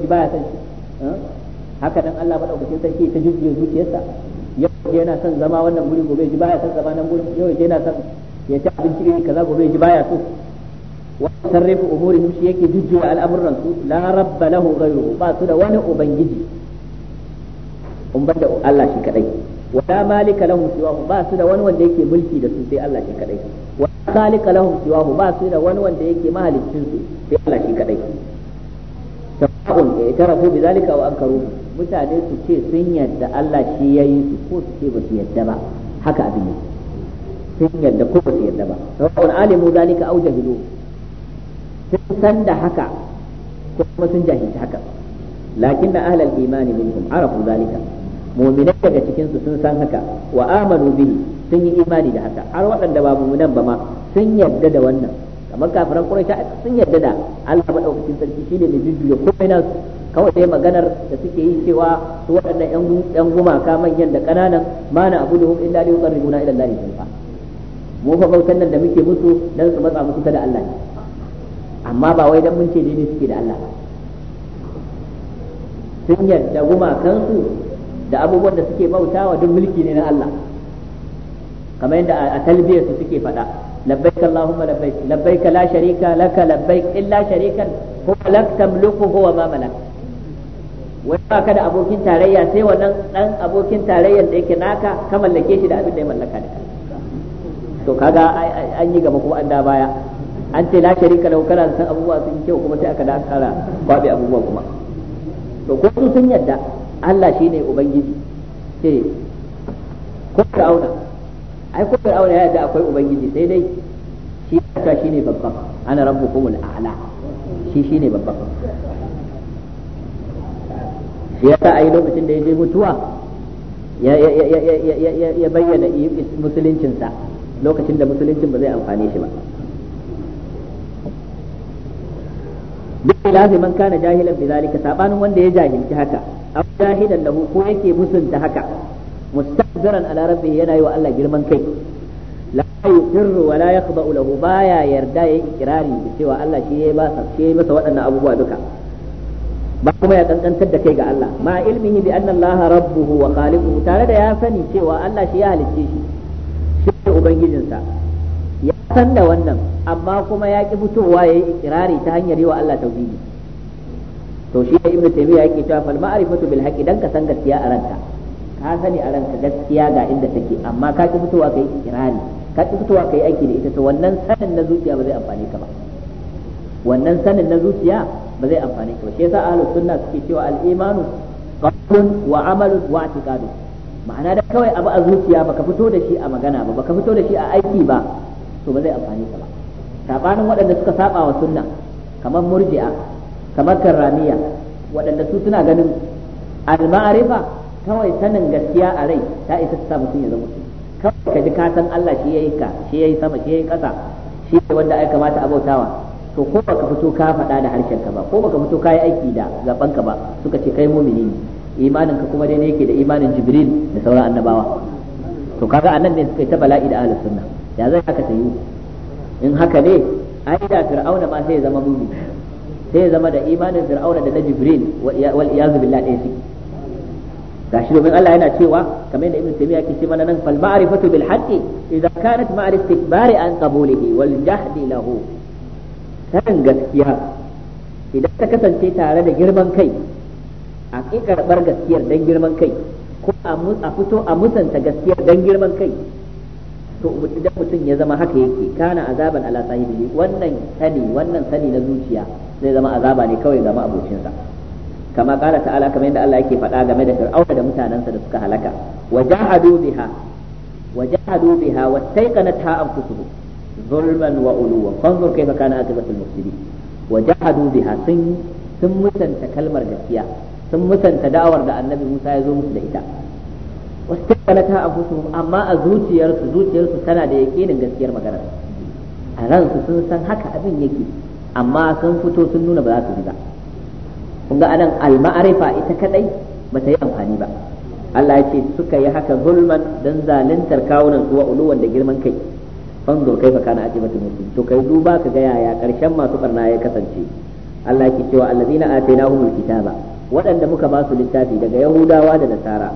ta zuciyarsa yau yana son zama wannan guri gobe ji baya son zama nan gurin yau yana son ya ci abinci iri kaza gobe ji baya so wa sarrafa umurihim shi yake jujjuya al'amuran su la rabba lahu ghayruhu ba su da wani ubangiji in banda Allah shi kadai wala malika lahum siwahu ba su da wani wanda yake mulki da su sai Allah shi kadai wala khaliqa lahum siwahu ba su da wani wanda yake mahaliccin su sai Allah shi kadai sawa'un ya eh, tarafu bi zalika wa ankaru. mutane su ce sun yadda Allah shi ya yi su ko su ce ba su yadda ba haka abin ne sun yadda ko ba su yadda ba sawa'un alimu zalika au jahilu sun san da haka ko kuma sun jahilci haka lakin da ahlul imani minkum arafu zalika mu'minan daga cikin su sun san haka wa amanu bihi sun yi imani da haka har waɗanda ba mu'minan ba ma sun yadda da wannan kamar kafiran quraisha sun yadda da Allah madaukakin sarki shine mai jujjuya komai nasu kawai sai maganar da suke yi cewa su waɗannan yan gumaka manyan da ƙananan ma na abu da hum illa li yuqarribuna ila Allah zulfa mu fa bautan nan da muke musu dan su matsa musu ta da Allah ne amma ba wai dan mun ce ne suke da Allah ba sun yadda gumakansu da abubuwan da suke bautawa duk mulki ne na Allah kamar yadda a talbiyar su suke faɗa labbaik allahumma labbaik labbaik la sharika laka labbaik illa sharikan huwa lak tamliku huwa ma malak wai ba ka da abokin tarayya sai wannan dan abokin tarayyar da yake naka ka mallake shi da abin da ya mallaka da to kaga an yi gaba kuma an da baya an ce la sharika lahu kana san abubuwa sun yi kyau kuma sai aka da kara kwabe abubuwa kuma to ko su sun yadda Allah shine ubangiji ce ko fir'auna ai ko fir'auna ya yadda akwai ubangiji sai dai shi ta shine babban ana rabbukumul a'la shi shine babban ya sa a yi lokacin da ya je mutuwa ya bayyana musuluncinsa lokacin da musuluncin ba zai amfani shi ba lafi man kana jahilan bi zalika sabanin wanda ya jahilci haka aw jahilan lahu ko yake musunta haka mustahziran ala rabbi yana yi wa Allah girman kai la yuqirru wa la yakhda'u lahu baya yarda yayi ikrari cewa Allah shi ya ba sa masa waɗannan abubuwa duka ba kuma ya kankantar da kai ga Allah ma ilmihi bi anna Allah rabbuhu wa khaliquhu tare da ya sani cewa Allah shi ya halicce shi shi ne ubangijinsa ya san da wannan amma kuma ya ki fitowa yayi ikirari ta hanyar yi wa Allah tauhidi to shi ibn taymiya yake cewa fal ma'rifatu bil haqi dan ka san gaskiya a ranka ka sani a ranka gaskiya ga inda take amma ka ki fitowa kai ikirari ka ki fitowa kai aiki da ita to wannan sanin na zuciya ba zai amfane ka ba wannan sanin na zuciya ba zai amfane shi ba shi yasa ahlus sunna suke cewa al-imanu qawlun wa amalun wa i'tiqadu ma'ana da kawai abu a zuciya baka fito da shi a magana ba baka fito da shi a aiki ba to ba zai amfane ka ba sabanin waɗanda suka saba wa sunna kamar murji'a kamar karramiya waɗanda su suna ganin al-ma'rifa kawai sanin gaskiya a rai ta isa ta sa mutum ya zama mutum kawai ka ji ka san Allah shi yayi ka shi yayi sama shi yayi ƙasa shi ne wanda ai kamata abautawa to ko baka fito ka faɗa da harshen ka ba ko baka fito ka yi aiki da zaben ka ba suka ce kai mumini ne imanin ka kuma dai ne yake da imanin jibril da sauran annabawa to kaga anan ne suka yi ta bala'i da ahlus sunna ya zai haka ta yi in haka ne ai da fir'auna ma sai ya zama mumini sai ya zama da imanin fir'auna da na jibril wal iyaz billah ɗaya suke gashi domin Allah yana cewa kamar yadda Ibn taymiya yake ce mana nan fal ma'rifatu bil haqqi idza kanat ma'rifatu bari an qabulihi wal jahdi lahu sanin gaskiya idan ta kasance tare da girman kai a ƙi karɓar gaskiyar don girman kai ko a fito a musanta gaskiyar don girman kai to idan mutum ya zama haka yake kana azaban ala sahibi wannan sani wannan sani na zuciya zai zama azaba ne kawai zama abocinsa kama kala ta'ala kamar yadda Allah yake faɗa game da fir'auna da mutanensa da suka halaka wajahadu biha wajahadu biha wastaiqanatha anfusuhum zulman wa uluwa fanzur kaifa kana akibatul mufsidin wa jahadu biha sun sun mutanta kalmar gaskiya sun mutanta da'awar da annabi Musa ya zo musu da ita wasu tabbalata anfusuhum amma a zuciyarsu zuciyarsu tana da yakinin gaskiyar maganar a ransu sun san haka abin yake amma sun fito sun nuna ba za su bi ba kun ga anan al-ma'rifa ita kadai bata yi amfani ba Allah ce suka yi haka zulman dan zaluntar kawunan su wa uluwan da girman kai fanzur kaifa kana aqibatul muslimin to kai duba ka ga yaya karshen masu barna ya kasance Allah yake cewa allazina atainahumul kitaba waɗanda muka ba su littafi daga yahudawa da nasara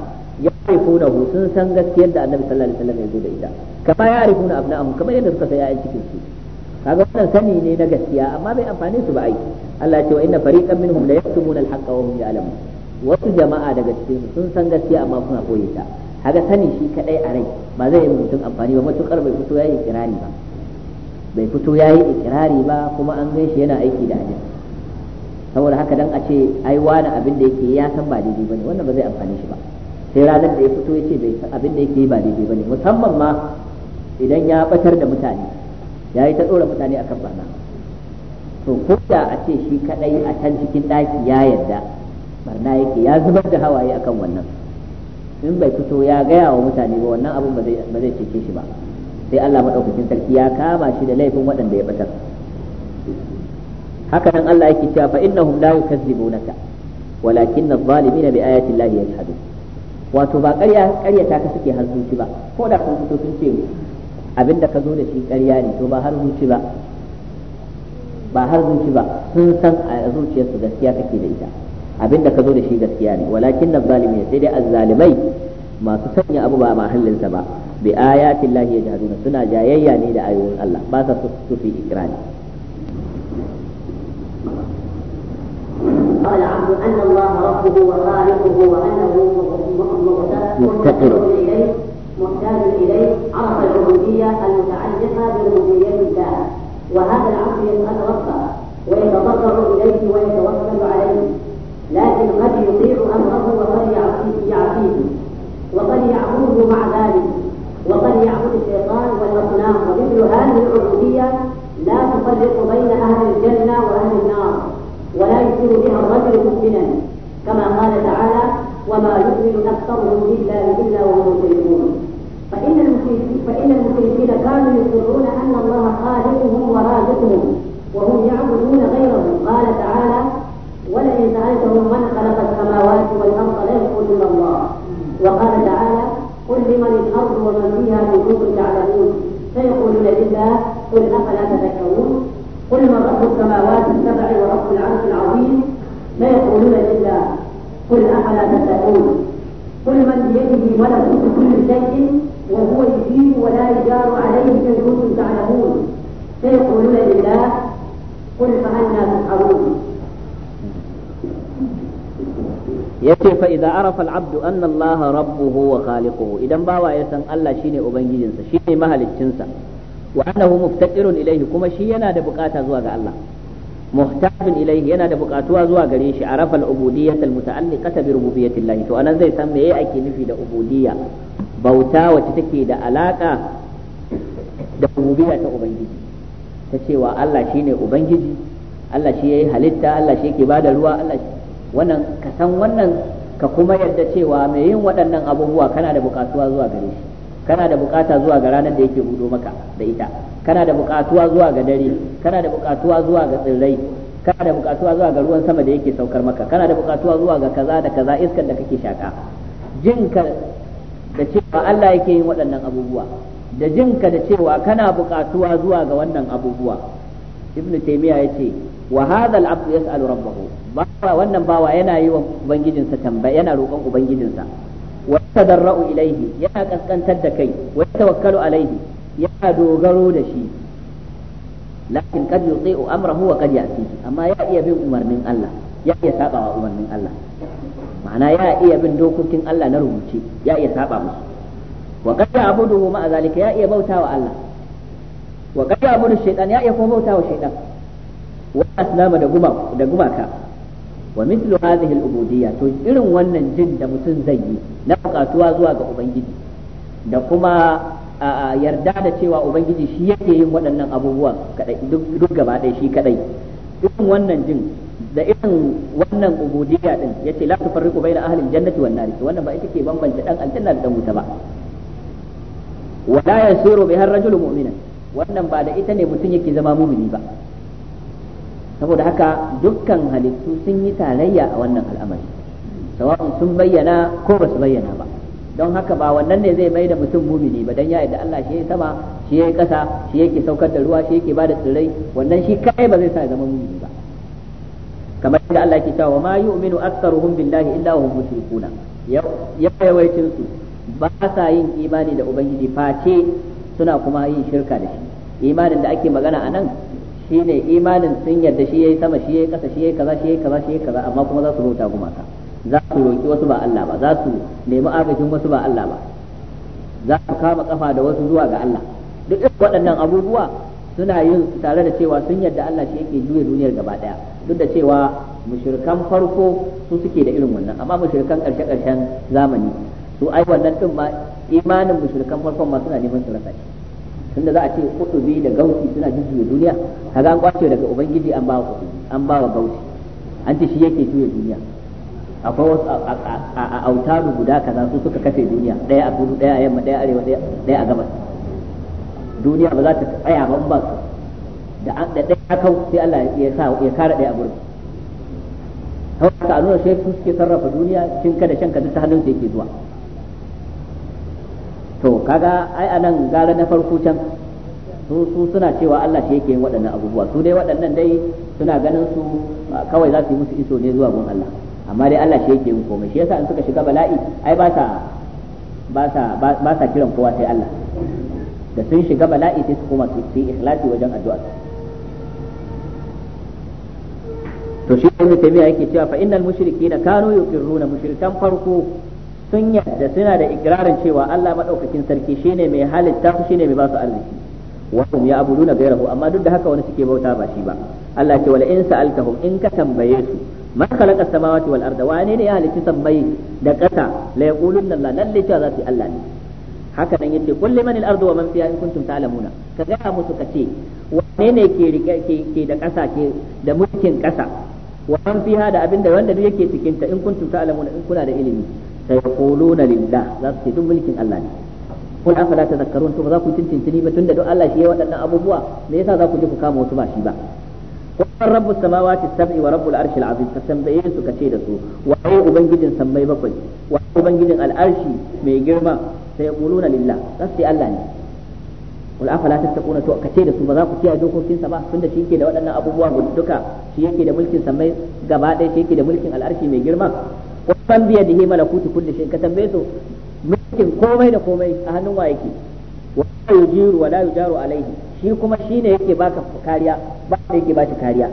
hu sun san gaskiyar da annabi sallallahu alaihi wasallam ya zo da ita kama ya'rifuna abna'ahum kamar yadda suka san ya'yan cikin su kaga wannan sani ne na gaskiya amma bai amfane su ba ai Allah ya ce wa inna fariqan minhum la yaktumuna al wa hum ya'lamun wasu jama'a daga cikin sun san gaskiya amma suna koyi ta kaga sani shi kadai a rai ba zai yi mutum amfani ba matukar bai fito yayi ikirari ba bai fito yayi ikirari ba kuma an gaishe yana aiki da ajin saboda haka dan a ce ai wani abin da yake ya san ba daidai bane wannan ba zai amfani shi ba sai ranar da ya fito yace bai san abin da yake ba daidai bane musamman ma idan ya batar da mutane ya yi ta dora mutane akan barna to ko da a ce shi kadai a can cikin daki ya yarda barna yake ya zubar da hawaye akan wannan in bai fito ya gaya wa mutane ba wannan abin ba zai cece shi ba sai Allah madaukakin sarki ya kama shi da laifin waɗanda ya batar haka nan Allah yake cewa fa innahum la yukazzibunaka walakin adh-dhalimina bi ayati llahi yajhadun wato ba ƙarya ƙarya ka suke har zuci ba ko da kun fito sun ce abinda ka zo da shi ƙarya ne to ba har zuci ba ba har zuci ba sun san a zuciyarsu gaskiya kake da ita abinda ka zo da shi gaskiya ne walakin na zalimi sai dai azzalimai masu sanya abu ba mahallinsa ba bi ayatin lahi yajhaduna suna jayayya ne da ayoyin Allah ba sa su su fi ikrani قال محتاج إليه عرف العبودية المتعلقة بربوبية الله وهذا العبد يسأل ربه ويتضرع إليه ويتوكل عليه لكن قد يطيع امره وقد يعصيه وقد يعبده مع ذلك وقد يعبد الشيطان والاصنام ومثل هذه العبوديه لا تفرق بين اهل الجنه واهل النار ولا يصير بها الرجل مؤمنا كما قال تعالى وما يؤمن اكثرهم الا الا وهم مسلمون فان المشركين فان المشركين كانوا يقولون ان الله خالقهم ورازقهم وهم يعبدون أنه من خلق السماوات والأرض لا يقولون إلا الله وقال تعالى قل لمن الأرض ومن فيها إن كنتم تعلمون فيقولون لله قل أفلا تذكرون قل من رب السماوات السبع ورب العرش العظيم فيقولون لله قل أفلا تتقون قل من بيده ملكوت كل شيء وهو يجيب ولا يجار عليه إن كنتم تعلمون فيقولون لله قل فأنا تسحرون yace fa idza arafa al-abdu anna Allah rabbuhu wa khaliquhu idan bawa ya san Allah shine sa shine mahaliccin sa wa annahu muftaqirun ilayhi kuma shi yana da bukata zuwa ga Allah muhtajin ilayhi yana da bukatuwa zuwa gare shi arafa al-ubudiyyah al-muta'alliqata bi rububiyyatillah to anan zai san me yake ake nufi da ubudiyya bauta wacce take da alaka da rububiyya ta ubangiji ta cewa Allah shine ubangiji Allah shi yayi halitta Allah shi yake bada ruwa Allah shi wannan ka san wannan ka kuma yarda cewa mai yin waɗannan abubuwa kana da buƙatuwa zuwa gare shi kana da buƙata zuwa ga ranar da yake hudo maka da ita kana da buƙatuwa zuwa ga dare kana da buƙatuwa zuwa ga tsirrai kana da buƙatuwa zuwa ga ruwan sama da yake saukar maka kana da buƙatuwa zuwa ga kaza da kaza iskar da kake shaka ka da cewa Allah yake yin waɗannan abubuwa da jin ka da cewa kana buƙatuwa zuwa ga wannan abubuwa ibnu taymiya yace wa hadha al-abd yas'alu rabbahu wannan bawa yana yi wa ubangijinsa tambaya yana roƙon ubangijinsa wa tadarra'u ilayhi yana kaskantar da kai wa tawakkalu alayhi yana dogaro da shi lakin kad yuti'u amrahu wa kad ya'ti amma ya iya bin umarnin Allah ya iya wa umarnin Allah ma'ana ya iya bin dokokin Allah na rubuce ya iya saba musu wa kad ya'buduhu ma'a zalika ya iya bautawa Allah wa kad ya'budu shaytan ya iya kuma bautawa shaytan wa aslama da gumaka wa mithlu hadhihi al-ubudiyya to irin wannan jin da mutum zai yi na bukatuwa zuwa ga ubangiji da kuma yarda da cewa ubangiji shi yake yin waɗannan abubuwa duk gaba shi kadai da irin wannan ubudiyya din yace la tufarriqu baina ahli al-jannati wan nar wannan ba ita ke bambanta dan aljanna da ba wala yasiru biha mu'mina wannan ba da ita ne mutum yake zama mumini ba saboda haka dukkan halittu sun yi tarayya a wannan al'amari sawa'un sun bayyana ko ba su bayyana ba don haka ba wannan ne zai mai da mutum mumini ba dan ya yadda Allah shi ya sama shi ya kasa shi yake saukar da ruwa shi yake bada tsirrai wannan shi kai ba zai sa ya zama mumini ba kamar yadda Allah yake cewa ma yu'minu aktsaruhum billahi illa hum mushrikuna yawaitin su ba sa yin imani da ubangiji face suna kuma yin shirka da shi imanin da ake magana a nan Shi ne imanin sun yarda shi yayi sama shi yayi kasa shi yayi kaza shi yayi kaza shi yayi kaza amma kuma za su bauta gumaka za su roki wasu ba Allah ba za su nemi agajin wasu ba Allah ba za su kama kafa da wasu zuwa ga Allah duk waɗannan abubuwa suna yin tare da cewa sun yarda Allah shi yake juya duniyar gaba daya duk da cewa mushrikan farko su suke da irin wannan amma mushrikan karshe karshen zamani su ai wannan din ma imanin mushrikan farkon ma suna neman su rasa shi tunda za a ce kutubi da gauti suna jujjuya duniya kaga an kwace daga ubangiji an ba kutubi an ba wa an ce shi yake juya duniya akwai wasu a autaru guda kaza su suka kafe duniya daya a kudu daya a yamma daya arewa daya a gabas duniya ba za ta tsaya ba ba su da an da daya kau sai Allah ya sa ya kare daya a gurbi haka a nuna shi suke sarrafa duniya cin kada shanka duk ta hannun su yake zuwa to kaga ai anan gara na farko can su su suna cewa Allah shi yake yin waɗannan abubuwa su dai waɗannan dai suna ganin su kawai za su yi musu iso ne zuwa gun Allah amma dai Allah shi yake yin komai shi yasa in suka shiga bala'i ai ba sa ba sa ba sa kiran kowa sai Allah da sun shiga bala'i sai su koma su yi ikhlasi wajen addu'a to shi ne taymiya yake cewa fa innal mushrikeena kanu yuqirruna mushrikan farko sun yarda suna da ikrarin cewa Allah madaukakin sarki shine mai halitta su shine mai ba su arziki wa hum ya'buduna ghayrahu amma duk da haka wani suke bauta ba shi ba Allah ce wala in sa'altahum in ka tambaye su man khalaqa samawati wal arda wane ne ya halicci sammai da ƙasa la yaqulunna la lalle cewa za su Allah ne haka nan yace kulli man al ardu wa man fiha in kuntum ta'lamuna ka ga musu kace wane ne ke rike ke da ƙasa ke da mulkin ƙasa wa man fiha da abinda wanda duk yake cikin ta in kuntum ta'lamuna in kuna da ilimi sayquluna lillah za su ce duk mulkin Allah ne kun afala tazakkarun to ba za ku cincincini ba tunda duk Allah shi ya waɗannan abubuwa me yasa za ku je ku kama wasu ba ba kun rabbus samawati sab'i wa rabbul arshi al'azim ka tambaye su ka ce da su wa ai ubangijin sammai bakwai wa ubangijin al'arshi mai girma sai yaquluna lillah za su ce Allah ne kul afala tattaquna to ka ce da su ba za ku da waɗannan da mulkin gaba ɗaya shi yake da mulkin mai girma fan biya da malakutu kulli shay ka tambaye su mulkin komai da komai a hannun wa yake wa yujiru wa la yujaru alaihi shi kuma shine yake baka kariya ba da yake baki kariya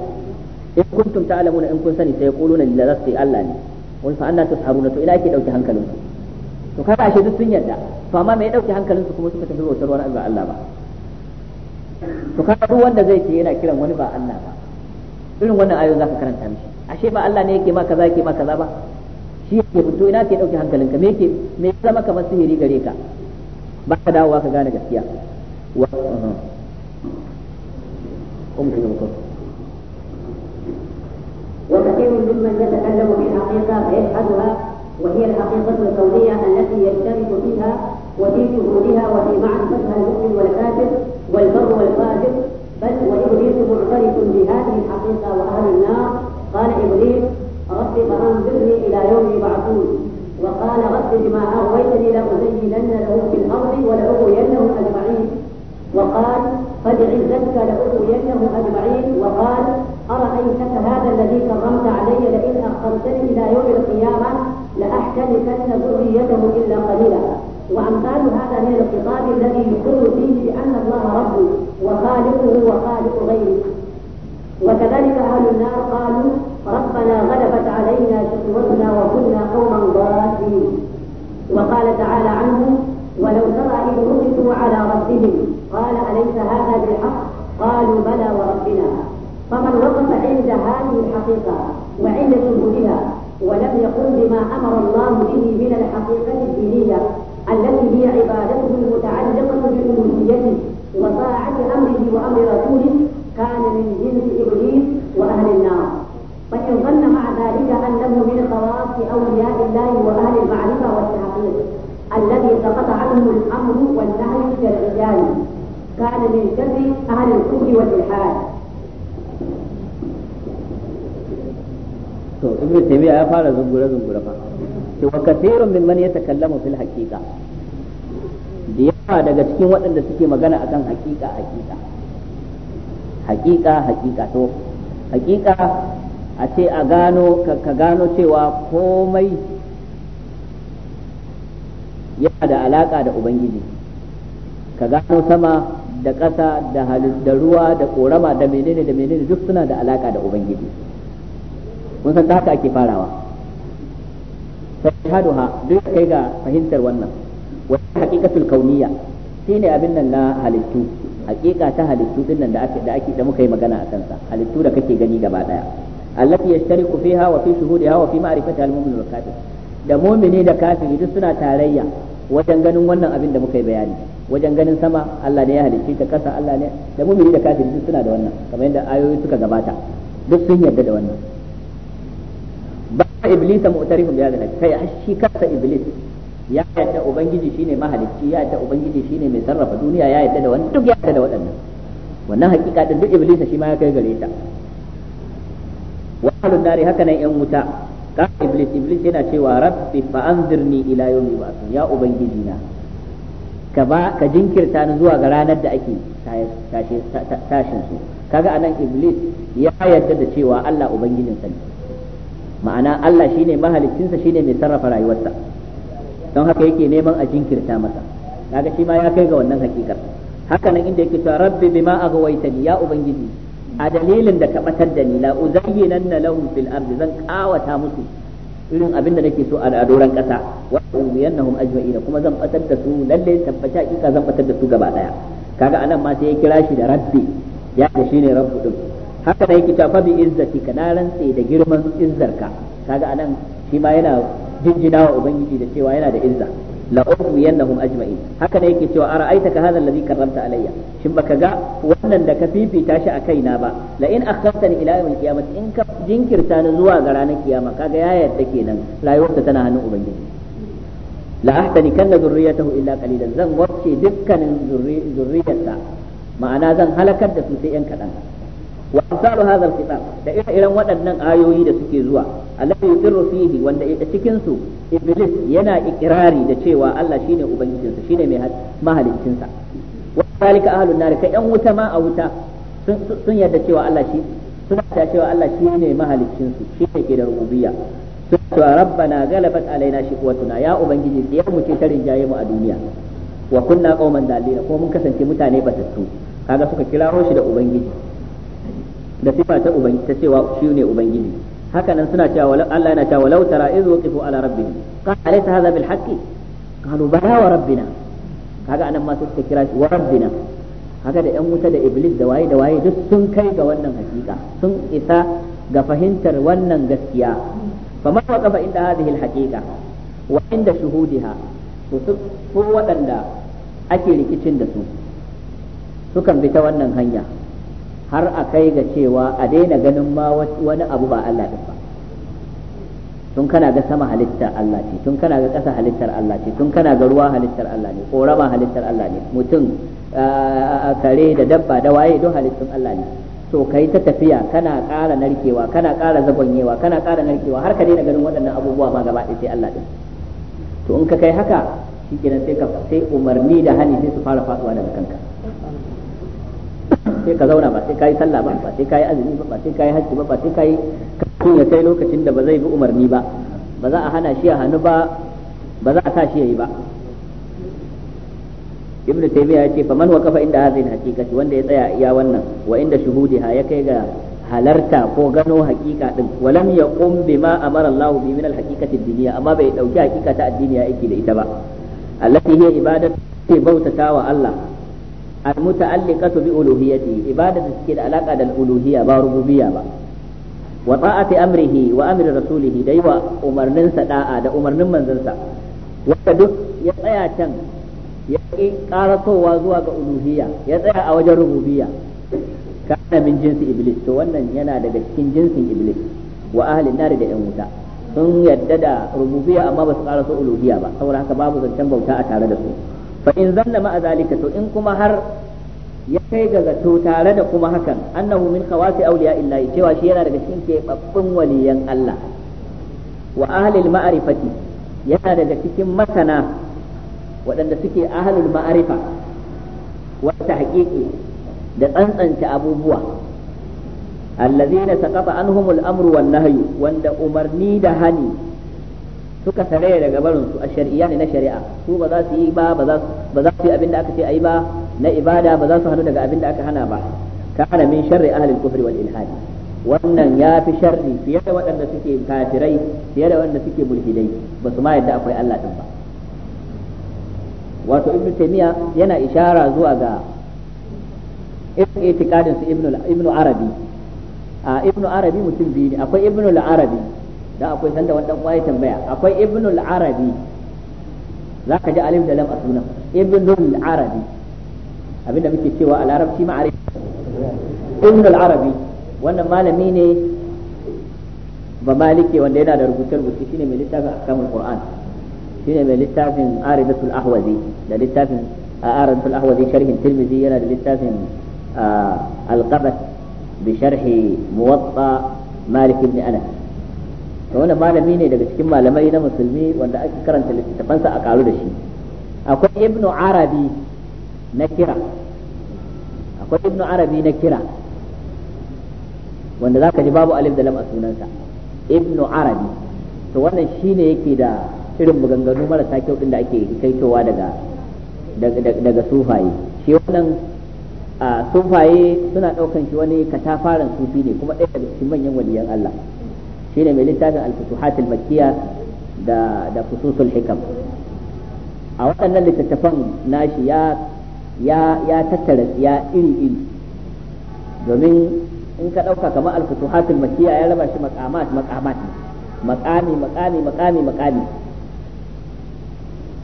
in kuntum ta'lamuna in kun sani sai yaquluna lillahi Allah ne wani fa anna tasharuna to ina yake dauke hankalin su? to kada ashe duk sun yarda to amma me ya dauke hankalin su kuma suka tafi bautar wani ba Allah ba to kada duk wanda zai ce yana kiran wani ba Allah ba irin wannan ayo zaka karanta mishi ashe ba Allah ne yake maka zaki maka za ba shi ke fito ina ke dauke hankalinka me ke me ya zama kamar sihiri gare ka ba ka dawowa ka gane gaskiya wa uh-huh. وكثير ممن يتكلم بالحقيقه فيجحدها وهي الحقيقه الكونيه التي يشترك فيها وفي شهودها وفي معرفتها المؤمن والكافر والبر والفاجر بل وابليس معترف بهذه الحقيقه واهل النار قال ابليس رب فأنظرني إلى يوم يبعثون وقال رب بما أغويتني لأزينن له في الأرض ولاغوينه أجمعين وقال فبعزتك لاغوينه أجمعين وقال أرأيتك هذا الذي كرمت علي لئن أخرتني إلى يوم القيامة لاحتلفن ذريته إلا قليلا وأمثال هذا من الخطاب الذي يقر فيه بأن الله ربي وخالقه وخالق غيره وكذلك أهل النار قالوا ربنا غلبت علينا شقوتنا وكنا قوما ضالين وقال تعالى عنه ولو ترى إذ وقفوا على ربهم قال أليس هذا بالحق قالوا بلى وربنا فمن وقف عند هذه الحقيقة وعند جهودها ولم يقم بما أمر الله به من الحقيقة الدينية التي هي عبادته المتعلقة بألوهيته وطاعة أمره وأمر رسوله كان من جنس إبليس وأهل النار لكن ظن مع ذلك انه من خواص اولياء الله واهل المعرفه والتحقيق الذي سقط عنهم الامر والنهي كالرجال كان من شر اهل الكفر والالحاد to ibn taymiya ya fara zungure zungure fa ce wa kathirun mimman yatakallamu fil haqiqa da yawa daga cikin waɗanda suke magana akan haqiqa haqiqa haqiqa haqiqa to haqiqa a ce a gano ka gano cewa komai yana da alaka da ubangiji ka gano sama da ƙasa da ruwa da korama da menene da menene duk suna da alaka da ubangiji mun san haka ake farawa sai haduha duk kai ga fahimtar wannan wani haƙiƙatul kauniya shine abin nan na halittu haƙiƙa ta halittu din nan da ake da muka yi magana a kansa halittu da kake gani gaba ɗaya. allati yashtariku fiha wa fi shuhudiha wa fi ma'rifati al-mu'min wal kafir da mu'mini da kafiri duk suna tarayya wajen ganin wannan abin da muka yi bayani wajen ganin sama Allah ne ya halicce ta kasa Allah ne da mu'mini da kafiri duk suna da wannan kamar yadda ayoyi suka gabata duk sun yarda da wannan ba iblisa mu'tarifun bi hadha kai shi kasa iblis ya yadda ubangiji shine mahalicci ya yadda ubangiji shine mai sarrafa duniya ya yadda da wannan duk ya yadda da waɗannan wannan hakika din duk iblisa shi ma ya kai gare ta wa ahlun nari haka nan yan wuta ka iblis iblis yana cewa rabbi fa anzirni ila yawmi ba'ath ya ubangiji na ka ba ka jinkirta ni zuwa ga ranar da ake tashin su kaga anan iblis ya yarda da cewa Allah ubangijin sa ma'ana Allah shine mahaliccinsa shine mai sarrafa rayuwarsa don haka yake neman a jinkirta masa kaga shi ma ya kai ga wannan hakikar haka nan inda yake cewa rabbi bima aghwaytani ya ubangiji a dalilin da ka batar da ni la uzayyinanna lahum fil ardi zan kawata musu irin abin da nake so a doran kasa wa ummiyannahum ajma'in kuma zan batar da su lalle tabbata kika zan batar da su gaba daya kaga anan ma sai ya kira shi da rabbi ya ga shine rabbu din haka da yake tafa bi ka na rantse da girman izzarka kaga anan shi ma yana jinjina wa ubangiji da cewa yana da izza la uhriyannahum ajma'in haka ne yake cewa ara'aitaka hadha alladhi karramta alayya shin baka ga wannan da ka fifita shi a na ba la in ni ila yawmil qiyamah in ka jinkirta ni zuwa ga ranar kiyama kaga ya yadda kenan rayuwarta tana hannun ubangiji la ahtani kanna zurriyatahu illa qalilan zan wacce dukkanin zurriyarsa ma'ana zan halakar da su sai yan kadan wa amsalu hadha alkitab da ire iran waɗannan ayoyi da suke zuwa alladhi yusirru fihi wanda a cikin su iblis yana ikrari da cewa Allah shine ubangijinsa shine mai mahaliccinsa wa zalika ahlun nar ka yan wuta ma a wuta sun yarda cewa Allah shi suna ta cewa Allah shine mahaliccinsu shine ke da rububiyya sun ce rabbana galabat alaina shiqwatuna ya ubangiji da mu ce tarin jaye mu a duniya wa kunna qauman dalila ko mun kasance mutane batattu kaga suka kirawo shi da ubangiji da sifa ta ubangiji ta cewa shi ne ubangiji haka nan suna cewa Allah yana cewa law tara iz waqifu ala rabbihim qala alaysa hadha bil haqqi qalu bala wa rabbina kaga anan ma suka kira shi wa rabbina haka da yan wuta da iblis da waye da waye duk sun kai ga wannan hakika sun isa ga fahimtar wannan gaskiya fa inda فما وقف عند هذه الحقيقة وعند شهودها su waɗanda ake rikicin da su sukan bi ta wannan hanya har a kai ga cewa a daina ganin ma wani abu ba Allah din ba tun kana ga sama halittar Allah ce tun kana ga ƙasa halittar Allah ce tun kana ga ruwa halittar Allah ne ƙorama halittar Allah ne mutum kare da dabba da waye don halittun Allah ne to kai ta tafiya kana ƙara narkewa kana ƙara zagonyewa kana ƙara narkewa har ka daina ganin waɗannan abubuwa ma gaba ɗaya sai Allah din to in ka kai haka shi sai ka sai umarni da hani sai su fara faɗuwa daga kanka sai ka zauna ba sai kai sallah ba ba sai kai azumi ba ba sai kai hajji ba ba sai kai kafin ya kai lokacin da ba zai bi umarni ba ba za a hana shi ya hannu ba ba za a sa shi yayi ba ibnu taymiya yace fa man waqafa inda hadhihi haqiqati wanda ya tsaya iya wannan wa inda shuhudiha ya kai ga halarta ko gano hakika din walam yaqum bima amara Allah bi min al-haqiqati ad-diniya amma bai dauki hakika ta addiniya yake da ita ba allati hiya ibadatu bautata wa Allah almuta'alliqatu bi uluhiyyati ibada da suke da alaka da uluhiyya ba rububiyya ba wa ta'ati amrihi wa amri rasulih da yiwa umarnin sa da'a da umarnin manzansa wanda duk ya tsaya can ya ki karatowa zuwa ga uluhiyya ya tsaya a wajen rububiyya kana jinsi iblis to wannan yana daga cikin jinsin iblis wa na nari da yan wuta sun yarda da rububiyya amma ba su karaso uluhiyya ba saboda haka babu zancen bauta a tare da su fa in zanna ma zalika to in kuma har ya kai ga zato tare da kuma hakan annahu min khawasi awliya illahi cewa shi yana daga cikin keɓaɓɓun waliyan Allah wa ahlil ma'rifati yana daga cikin masana waɗanda suke ahlul ma'rifa wata haƙiƙi da tsantsanta abubuwa allazina saqata anhumul amru wan nahyu wanda umarni da hani suka tare daga barin su a shari'a ne na shari'a su ba za su yi ba ba za su yi abin da aka ce a yi ba na ibada ba za su hannu daga abin da aka hana ba ka hana min sharri ahlul kufri wal ilhadi wannan ya fi sharri fiye da waɗanda suke kafirai fiye da waɗanda suke mulhidai ba su ma yadda akwai Allah din ba wato ibnu taymiya yana ishara zuwa ga itiqadin su ibnu arabi a ibnu arabi mutum biyu ne akwai ibnu arabi dan akwai sanda wani dan kwaya tambaya akwai ibnul arabi zaka ji alif da lam a sunan ibnul arabi abinda muke cewa a larabci ma'arif ibnul arabi wannan malami ne ba malike wanda yana da rubuce rubuce shine mai littafin ahkamul qur'an shine mai littafin aridatul ahwazi da littafin aridatul ahwazi sharhin tirmidhi yana da littafin al-qabas bi sharhi muwatta malik ibn wani malami ne daga cikin malamai na musulmi wanda ake karanta littattafansa a karu da shi akwai ibnu arabi na kira akwai ibnu arabi na kira wanda zaka ji babu alif da lam a sunansa ibnu arabi to wannan shine yake da irin maganganu marasa kyau din da ake kaitowa daga daga sufaye shi wannan sufaye suna daukan shi wani katafaren sufi ne kuma ɗaya daga cikin manyan waliyan Allah shine mai littafin al-futuhat al-makkiyya da da fususul hikam a waɗannan littattafan nashi ya ya ya tattara ya iri iri domin in ka ɗauka kamar al-futuhatul makkiyya ya raba shi maqamat maqamat maqami maqami maqami maqami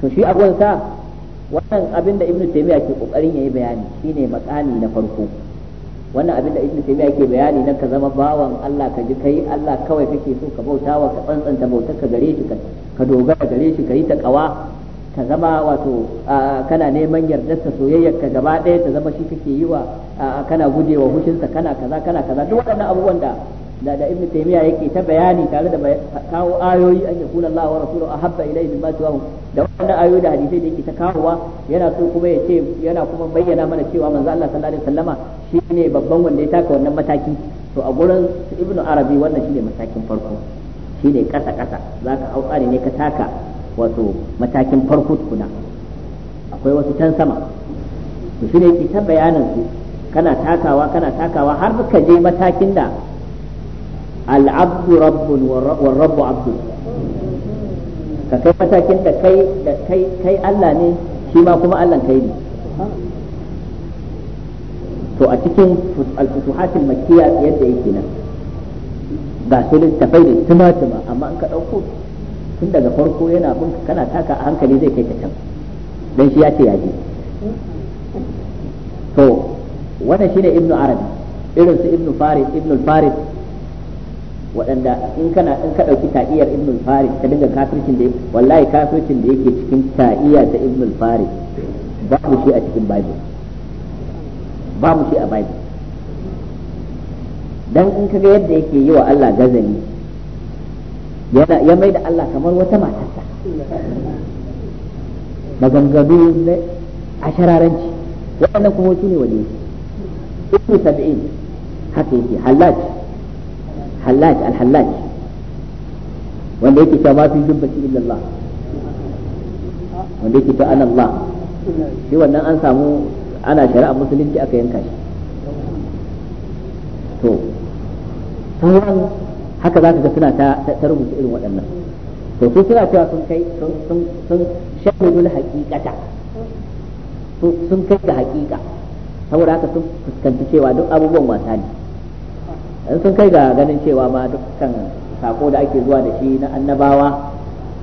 to shi abun sa wannan abin da ibnu taymiya ke kokarin yayi bayani shine maqami na farko wannan abin da ibnu taymiya yake bayani na ka zama bawan Allah ka ji kai Allah kawai kake so ka bautawa ka tsantsanta bautar ka gare shi ka dogara gare shi ka yi kawa ka zama wato kana neman yardar ta soyayyar ka gaba ɗaya ta zama shi kake yi wa kana gujewa hushinsa kana kaza kana kaza duk waɗannan abubuwan da da da ibnu taymiya yake ta bayani tare da kawo ayoyi an yakuna Allah wa rasuluhu ahabba ilayhi mimma tuwahu da wannan ayoyi da hadisi da yake ta kawowa yana so kuma ya ce yana kuma bayyana mana cewa manzo Allah sallallahu alaihi wasallama shine babban wanda ya taka wannan mataki to a gurin ibnu arabi wannan shine matakin farko shine kasa kasa zaka hau tsari ne ka taka wato matakin farko tukuna akwai wasu can sama to shine yake ta bayanin su kana takawa kana takawa har ka je matakin da al rabbun wa rabbu abdu ka kai matakin da kai da kai kai Allah ne shi ma kuma allan kai ne to a cikin al-futuhatil makkiya yadda yake nan ga su littafai da tumatuma amma an ka ɗauko tun daga farko yana bin kana taka a hankali zai kai ka can dan shi ya ce ya to wannan shine ibnu arabi irin su ibnu farid ibnu farid waɗanda in kana in ka ɗauki ta'iyar ibn al-farid ka dinga kafircin da wallahi kafircin da yake cikin ta'iya ta ibn al-farid babu shi a cikin bible babu shi a bible dan in kaga yadda yake yi wa Allah gazali yana ya mai da Allah kamar wata matarsa maganganu a shararanci waɗannan kuma su ne wani ibn sab'in haka yake halaci hallaj al-hallaj wanda yake cewa ma fi jubbati illallah wanda yake ta Allah shi wannan an samu ana shari'a musulunci aka yanka shi to sauran haka za ka ga suna ta rubuta irin waɗannan to su suna cewa sun kai sun sun shahidul sun kai ga haƙiƙa saboda haka sun fuskanci cewa duk abubuwan wasa ne in sun kai ga ganin cewa ma dukkan sako da ake zuwa da shi na annabawa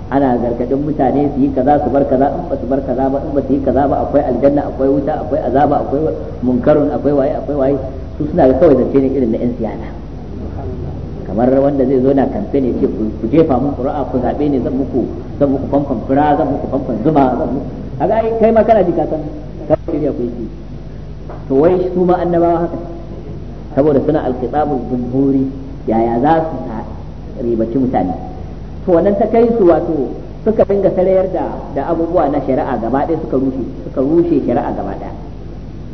ana gargadin mutane su yi kaza su bar kaza in ba su bar kaza ba in ba su yi kaza ba akwai aljanna akwai wuta akwai azaba akwai munkarun akwai waye akwai waye su suna da kawai zance ne irin na yan siyasa kamar wanda zai zo na kamfe ne ce ku jefa mun qur'a ku zabe ne zan muku zan muku fanfan fura zan muku fanfan zuma zan muku kaga kai ma kana jika ka san kawai shirya ku yi to wai su ma annabawa haka saboda suna alkitabul jumhuri yaya za su ribaci mutane to wannan ta kai su wato suka dinga sarayar da da abubuwa na shari'a gaba ɗaya suka rushe suka rushe shari'a gaba ɗaya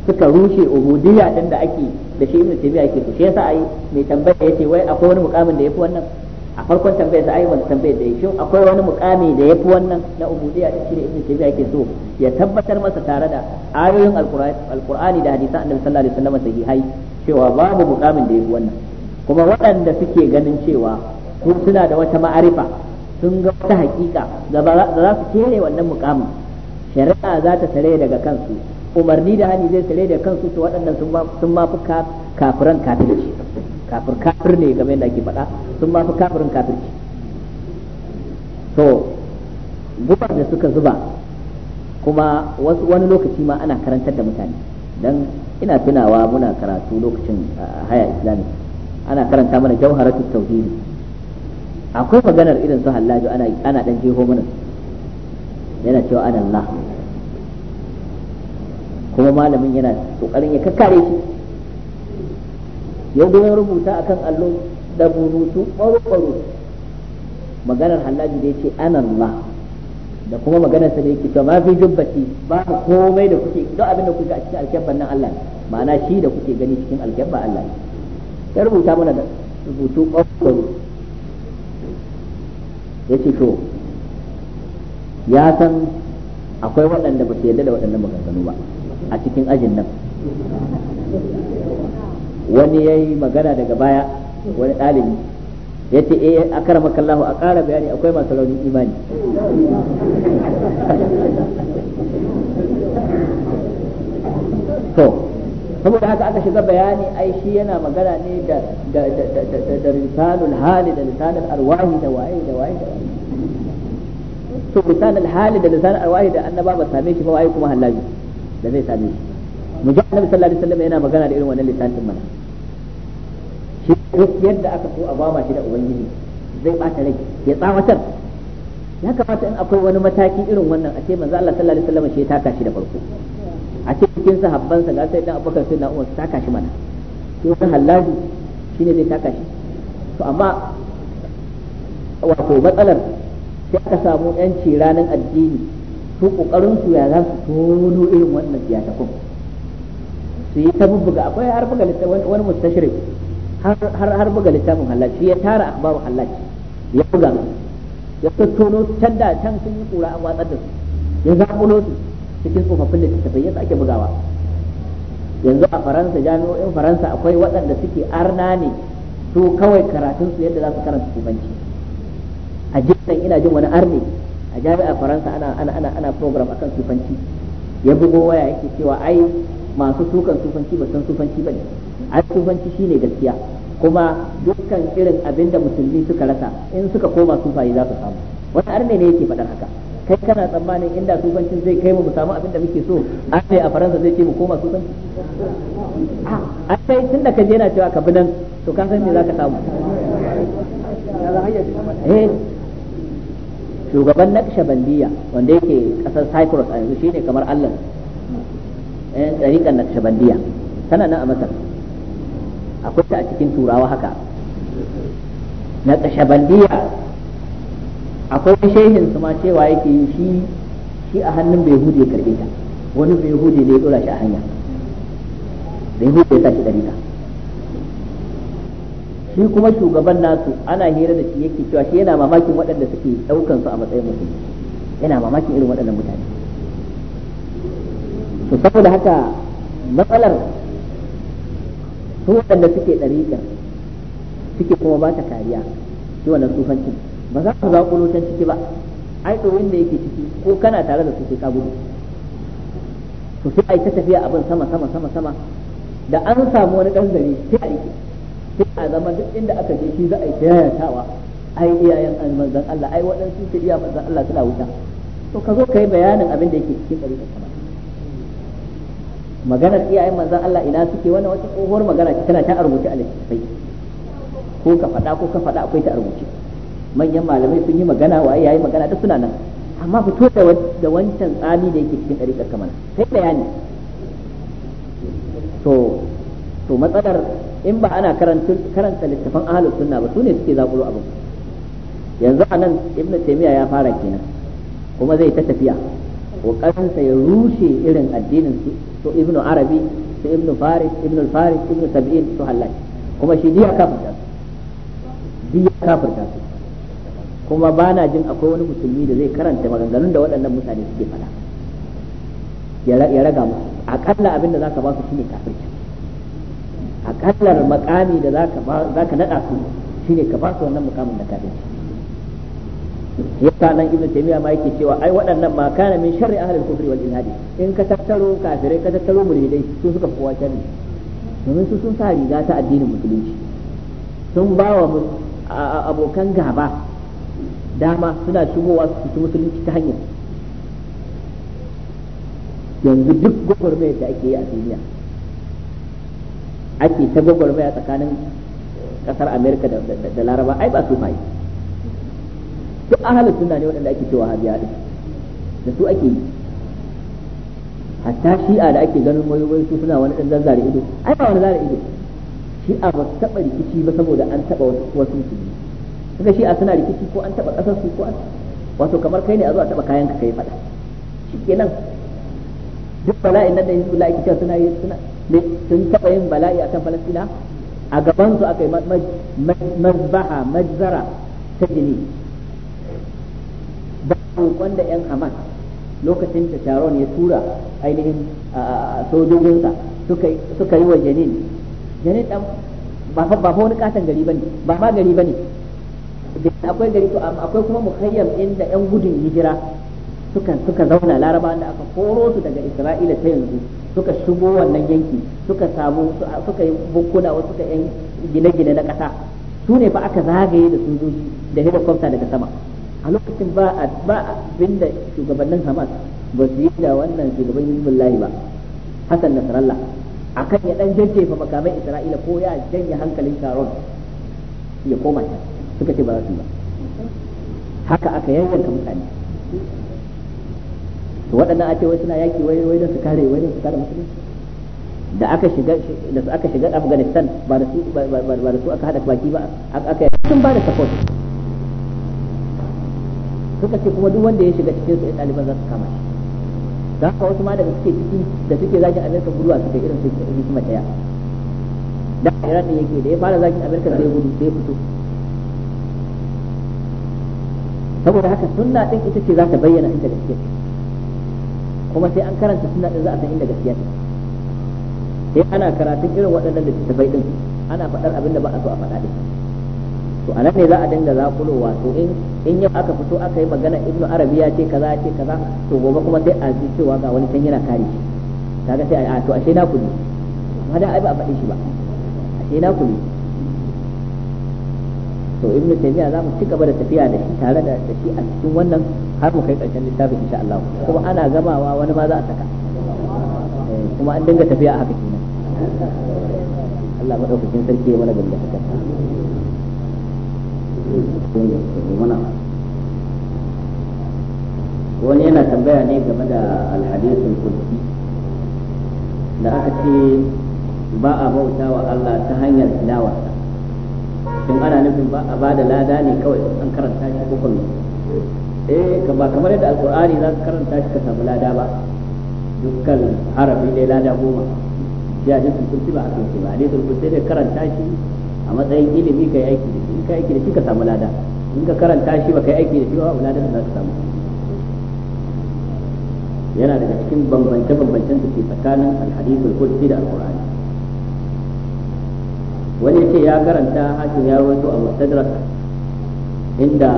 suka rushe ubudiyya din da ake da shi ibn tabi'a yake to shi yasa ai mai tambaya yace wai akwai wani mukamin da yafi wannan a farkon tambayar da ayyukan tambayar da shin akwai wani mukami da yafi wannan na ubudiyya da shi da ibnu tabi'a yake so ya tabbatar masa tare da ayoyin alqur'ani da hadisan annabi sallallahu alaihi wasallam sahihai cewa babu mukamin da yafi wannan kuma waɗanda suke ganin cewa su suna da wata ma'arifa sun ga wata hakika da za su kere wannan mukamin shari'a za ta tare daga kansu umarni da hani zai tare da kansu to waɗannan sun ma fi kafiran kafirci kafir kafir ne game da ake faɗa sun ma fi kafirin kafirci to guba da suka zuba kuma wani lokaci ma ana karantar da mutane don ina tunawa muna karatu lokacin haya islami ana karanta mana jawharatu tauhidi akwai maganar irin su hallaju ana ana dan jeho mana yana cewa ana Allah kuma malamin yana kokarin ya kakkare shi yau da rubuta akan allo da burutu ɓaro maganar hallaji da ce anan ma. da kuma maganar sa da yake to mafi fi jubbati ba komai da kuke duk abin da kuke a cikin alkyabban nan Allah ma'ana shi da kuke gani cikin alkyabba Allah ya rubuta mana da rubutu ya ce to ya san akwai waɗanda ba su yarda da waɗannan maganganu ba a cikin ajin nan wani ya yi magana daga baya wani ɗalibi ya ce eh a karama kallahu a ƙara bayani akwai masu raunin imani to saboda haka aka shiga bayani ai shi yana magana ne da da da da da lisanul hali da lisanul arwahi da waye da waye da waye to lisanul hali da lisanul arwahi da annaba ba same shi ba waye kuma halaji da zai same shi mu ji sallallahu alaihi wasallam yana magana da irin wannan lisanin mana yadda aka so a bama shi da ubangiji zai bata rai ya tsawatar ya kamata in akwai wani mataki irin wannan a ce manzo Allah sallallahu alaihi wasallam shi ya taka shi da farko a ce cikin sahabban sa ga sai dan abubakar sai na umar su taka shi mana to wannan hallaji shine zai taka shi to amma wato matsalar sai aka samu yanci ranar addini su kokarin su ya za su tono irin wannan biyatakun su yi ta bubbuga akwai har buga wani mustashrik har har buga littafin hallaj shi ya tara akhbarul hallaj ya buga ya tattono can da can sun yi kura an watsar da su ya zaƙulo su cikin tsofaffin littattafai yadda ake bugawa yanzu a faransa jami'o'in faransa akwai waɗanda suke arna ne su kawai karatunsu yadda za su karanta tufanci a jinsan ina jin wani arne a jami'ar faransa ana ana ana ana program akan tufanci ya bugo waya yake cewa ai masu tukan tufanci ba san tufanci ba ne ai shi ne gaskiya kuma dukkan irin abin da musulmi suka rasa in suka koma sufaye za su samu wani arne ne yake faɗar haka kai kana tsammanin inda sufancin zai kai mu mu samu abin da muke so arne a faransa zai ce mu koma sufanci a kai tun da ka je yana cewa ka bi nan to kan san me za ka samu eh shugaban naqshbandiya wanda yake kasar cyprus a yanzu shine kamar allah eh, ɗariƙar naqshbandiya tana nan a masar akwai ta a cikin turawa haka na kashabandiya akwai shehin su ma cewa yake yi shi shi a hannun bai hude karbe ta wani bai hude ne ya dora shi a hanya bai hude ya tashi shi kuma shugaban nasu ana hira da shi yake cewa shi yana mamakin waɗanda suke ɗaukan su a matsayin mutum yana mamakin irin waɗannan mutane to saboda haka matsalar ko waɗanda suke ɗariƙa suke kuma ba ta kariya shi wannan sufancin ba za ku zaƙulo can ciki ba ai ɗorin da yake ciki ko kana tare da su sai ka gudu to sai ai ta tafiya abin sama sama sama sama da an samu wani ɗan gari sai a rike sai a zama duk inda aka je shi za a yi yayatawa ai iyayen manzon Allah ai waɗansu su iya manzon Allah suna wuta to ka zo ka yi bayanin abin da yake cikin ɗariƙa kamar magana iyayen manzon Allah ina suke wannan wata tsohuwar magana ce tana ta a rubuce a littattafai ko ka faɗa ko ka faɗa akwai ta a rubuce manyan malamai sun yi magana wa yayi magana da suna nan amma fito da wancan tsami da yake cikin ɗariƙar kamana sai bayani to to matsalar in ba ana karanta karanta littafan ahlus sunna ba sune suke zakulo abin yanzu anan ibnu taymiya ya fara kenan kuma zai ta tafiya kokarinsa ya rushe irin addinin su su ibn arabi su ibn faris ibn faris ibn sab'in su hallaj kuma shi diya kafirta su diya kafirta su kuma ba na jin akwai wani musulmi da zai karanta maganganun da waɗannan mutane suke faɗa ya raga musu akalla abin da za ka ba su shine kafirci akallar makami da za ka naɗa su shine ka ba su wannan mukamin da kafirci ya nan ibnu taymiya ma yake cewa ai waɗannan ma kana min sharri ahli kufri wal ilhadi in ka tattaro kafirai ka tattaro mulhidai su suka kowa sharri domin su sun sa riga ta addinin musulunci sun ba wa abokan gaba dama suna shigowa su ci musulunci ta hanyar yanzu duk gwagwarmayar da ake yi a duniya ake ta gwagwarmaya tsakanin kasar america da laraba ai ba su mai su ahalus suna ne waɗanda ake cewa hajiya ɗin da su ake yi hatta shi'a da ake ganin wai wai su suna wani ɗan zare ido ai ba wani zare ido shi'a ba su taɓa rikici ba saboda an taɓa wasu su su kaga shi'a suna rikici ko an taɓa ƙasar su ko an wato kamar kai ne a zo a taba kayan ka kai ke nan duk bala'in nan da yanzu bala'i kika suna yi suna sun taɓa yin bala'i a kan Falastina a gaban su aka yi mazbaha majzara ta jini saukon da yan Hamas lokacin da Sharon ya tura ainihin sojojinsa suka yi wa Janin Janin ɗan ba fa wani ƙaton gari ba ne ba ma gari ba ne akwai gari to akwai kuma mukayyam inda yan gudun hijira suka suka zauna laraba da aka koro su daga Isra'ila ta yanzu suka shigo wannan yanki suka samu suka yi bukkuna wasu suka yan gine-gine na ƙasa su ne fa aka zagaye da sojoji da helicopter daga sama a lokacin ba a ba abinda shugabannin Hamas ba su yi da wannan shugaban Hizbullahi ba Hassan Nasrallah akan ya dan fa makamai Isra'ila ko ya janye hankalin Sharon ya koma ta suka ce ba za su ba haka aka yayyanka mutane to waɗannan a ce wai suna yaki wai wai su kare wai su kare musulunci da aka shiga da aka shiga Afghanistan ba da su ba da su aka hada baki ba aka sun ba da support suka ce kuma duk wanda ya shiga cikin su ɗaliban za su kama shi da haka wasu ma daga suke ciki da suke zagin amerika guduwa suka irin su kuma ɗaya da iran ne yake da ya fara zagin amerika zai gudu zai fito saboda haka sunna ɗin ita ce za ta bayyana inda gaskiya kuma sai an karanta sunna ɗin za a san inda gaskiya sai ana karatun irin waɗannan da ta bai ɗin ana faɗar abin da ba a so a faɗa ɗin to anan ne za a dinga zakulowa to in in yau aka fito aka yi magana ibnu arabi ya ce kaza ce kaza to gobe kuma sai a ji cewa ga wani can yana kare shi kaga sai a to ashe na kuli amma da ai ba a faɗi shi ba ashe na kuli to ibnu taymiya za mu ci gaba da tafiya da shi tare da shi a cikin wannan har mu kai karshen littafin insha Allah kuma ana gamawa wani ma za a saka eh, kuma an dinga tafiya a haka kenan Allah madaukakin sarki ya mana da haka wani yana tambaya ne game da alhadisun kudi da aka ce ba a bauta wa Allah ta hanyar tilawa shin ana nufin ba a bada lada ne kawai an karanta shi ko kuma eh ba kamar yadda alqur'ani za ka karanta shi ka samu lada ba dukkan harafi dai lada goma ya hadisul qudsi ba a kai ba ne qudsi ne karanta shi a matsayin ilimi ka yi aiki da shi in ka aiki da shi ka samu lada in ka karanta shi ba ka yi aiki da shi ba lada da za ka samu yana daga cikin bambance-bambancen da ke tsakanin alhadisul qudsi da al'kur'ani wani ce ya karanta hakim ya rawaito a mustadrak inda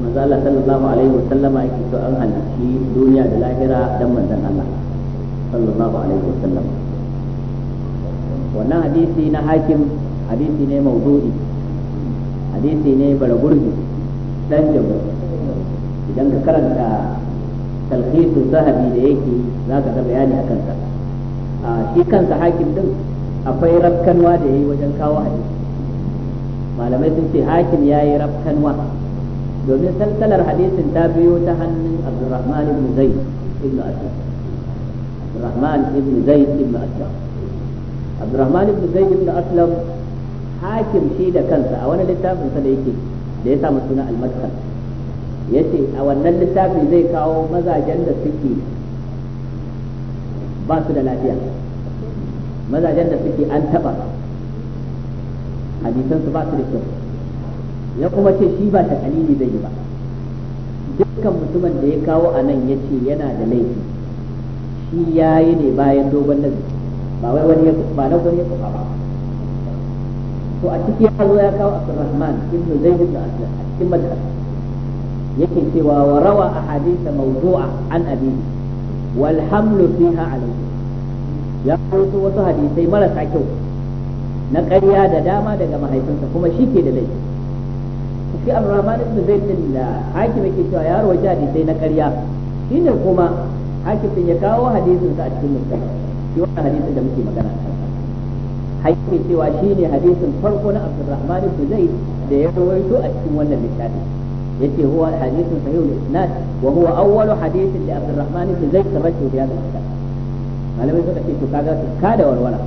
manzo Allah sallallahu alaihi wa sallama yake so an halicci duniya da lahira dan manzon Allah sallallahu alaihi wa sallam wannan hadisi na hakim hadisi ne mawdu'i hadisi ne baragurbi dan jabo idan ka karanta talhisu zahabi da yake za ka ga bayani a kansa a shi kansa hakim din akwai rafkanwa da yayi wajen kawo hadisi malamai sun ce hakim ya yi rafkanwa domin salsalar hadisin ta biyo ta hannun abdurrahman ibn zaid ibn asad abdurrahman ibn zaid ibn asad abdurrahman ibn zaid ibn aslam hakim shi da kansa a wani littafin sa da yake da ya samu suna al-madkhal yace a wannan littafin zai kawo mazajen da suke ba su da lafiya mazajen da suke an taba hadisan su ba su da kyau ya kuma ce shi ba ta kalili zai yi ba dukkan mutumin da ya kawo a nan ya ce yana da laifi shi ya yi ne bayan dogon nazari ba wai wani ya ba na wani ya ba to a ciki ya zo ya kawo Abdurrahman ibn Zaid ibn Aslam a cikin madhhab yake cewa wa rawa ahadith mawdu'a an abihi wal hamlu fiha alayhi ya kawo wasu hadisai marasa kyau na ƙarya da dama daga mahaifinsa kuma shi ke da laifi shi Abdurrahman ibn Zaid din da hakim yake cewa ya rawaita hadisai na ƙarya shine kuma hakim ya kawo hadisin sa a cikin musulmi shi wannan hadisin da muke magana haƙƙi cewa ne hadisin farko na Abdurrahman ibn Zaid da ya rawaito a cikin wannan littafi yace huwa hadisin sahih al-isnad wa huwa awwalu hadisin li Abdurrahman ibn Zaid sarrafa da hadha al malamai suka ce to kaga su kada warwara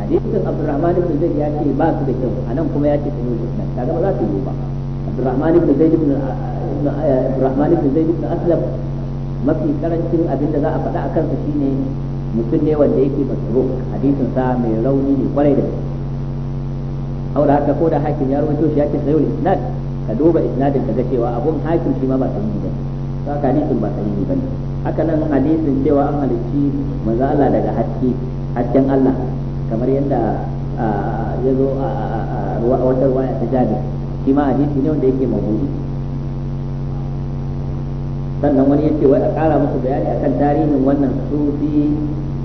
hadisin Abdurrahman ibn Zaid ya ce ba su da kyau anan kuma ya ce sahih al-isnad kaga ba za su yi ba Abdurrahman ibn Zaid ibn Abdurrahman ibn Zaid ibn Aslam mafi karancin abinda za a faɗa akan sa shine mutum ne wanda yake masu hadisin sa mai rauni ne kwarai da gaske da haka ko da hakim ya rawaito shi yake sayo isnad ka duba isnadin ka ga cewa abun hakim shi ma ba sahihi ba to haka hadisin ba haka nan hadisin cewa an halicci manzo Allah daga haske hasken Allah kamar yadda ah, ya zo a wata ruwaya ta jabi shi ma hadisi ne wanda yake mabudi sannan wani ya ce wai a ƙara musu bayani akan tarihin wannan sufi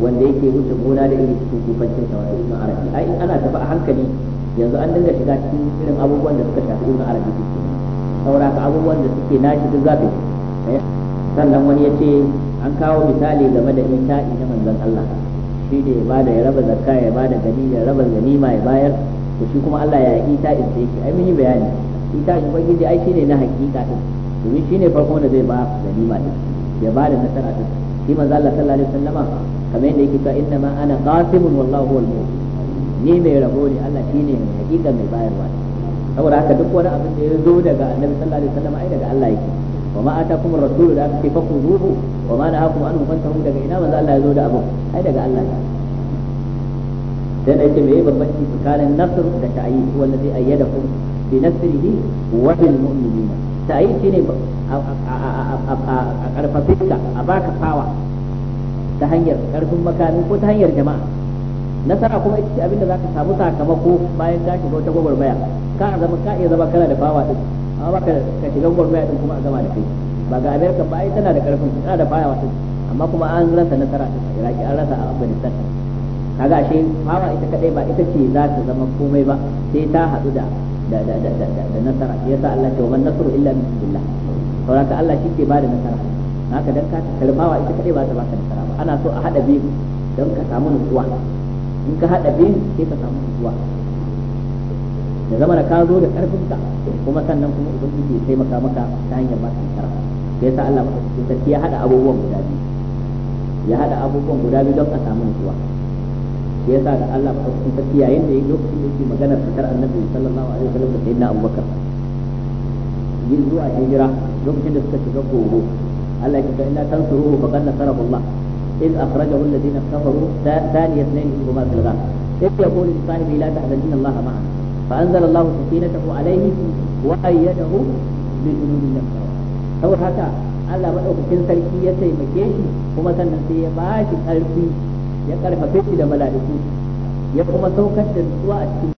wanda yake wuce gona da irin cikin sufancin sa wato ibn arabi ai ana tafi a hankali yanzu an dinga shiga cikin irin abubuwan da suka shafi ibn arabi suke saura ka abubuwan da suke nashi duk zafi eh, sannan wani ya ce an kawo misali game da ita'i na manzon Allah shi da ya bada ya raba zakka ya bada gani ya raba ganima ya bayar to shi kuma Allah ya yi in sai ai mun yi bayani ita ubangiji ai shine na hakika din domin shine farko da zai ba da ganima din ya ba da nasara din shi manzo Allah sallallahu alaihi wasallama kamar yadda yake cewa inna ma ana qasimun wallahu huwal mu'min ni mai rabo ne Allah shine mai hakika mai bayarwa saboda haka duk wani abin da ya zo daga annabi sallallahu alaihi wasallama ai daga Allah yake wa ma atakum ar-rasul da aka ce fa khuzuhu wa ma nahakum anhu fantahu daga ina manzo Allah ya zo da abu ai daga Allah ne dan ake mai bambanci tsakanin nasr da ta'yid wallazi ayyadakum bi nasrihi wa bil mu'minina shi ne a karfafe ka a baka fawa ta hanyar karfin makami ko ta hanyar jama'a nasara kuma ita ce abin da zaka samu sakamako bayan ka shiga wata gwagwarmaya ka zama ka iya zama kana da fawa din amma baka ka shiga gwagwarmaya din kuma a gama da kai ba ga amerika ba ai tana da karfin tana da fawa din amma kuma an rasa nasara din iraki an rasa a afghanistan kaga shi fawa ita kadai ba ita ce za ta zama komai ba sai ta haɗu da da da da da da nasara yasa Allah ya ce wa nasru illa min billah saboda Allah shi ke bada nasara haka dan ka kalmawa ita kadai ba ta baka nasara ba ana so a hada biyu don ka samu nutsuwa in ka hada biyu sai ka samu nutsuwa da zama ka zo da karfinka kuma sannan kuma ubangiji ya taimaka maka ta hanyar ba ta nasara sai yasa Allah ya hada abubuwan guda biyu ya hada abubuwan guda biyu don ka samu nutsuwa shi yasa da Allah ba cikin sarki yayin da yake lokacin da yake magana fitar annabi sallallahu alaihi wasallam da sayyidina Abubakar yin zuwa hijira lokacin da suka shiga gobe Allah ya ce inna tansuruhu faqad nasarahu Allah إذ أخرجه الذين كفروا ثاني اثنين هما في الغار إذ يقول لصاحبه لا تحزن إن الله معنا فأنزل الله سكينته عليه وأيده بجنود لم تروا هكا Allah maɗaukakin sarki ya taimake shi kuma sannan sai ya ba shi ya karfafe shi da mala'iku ya kuma saukar da nutsuwa a cikin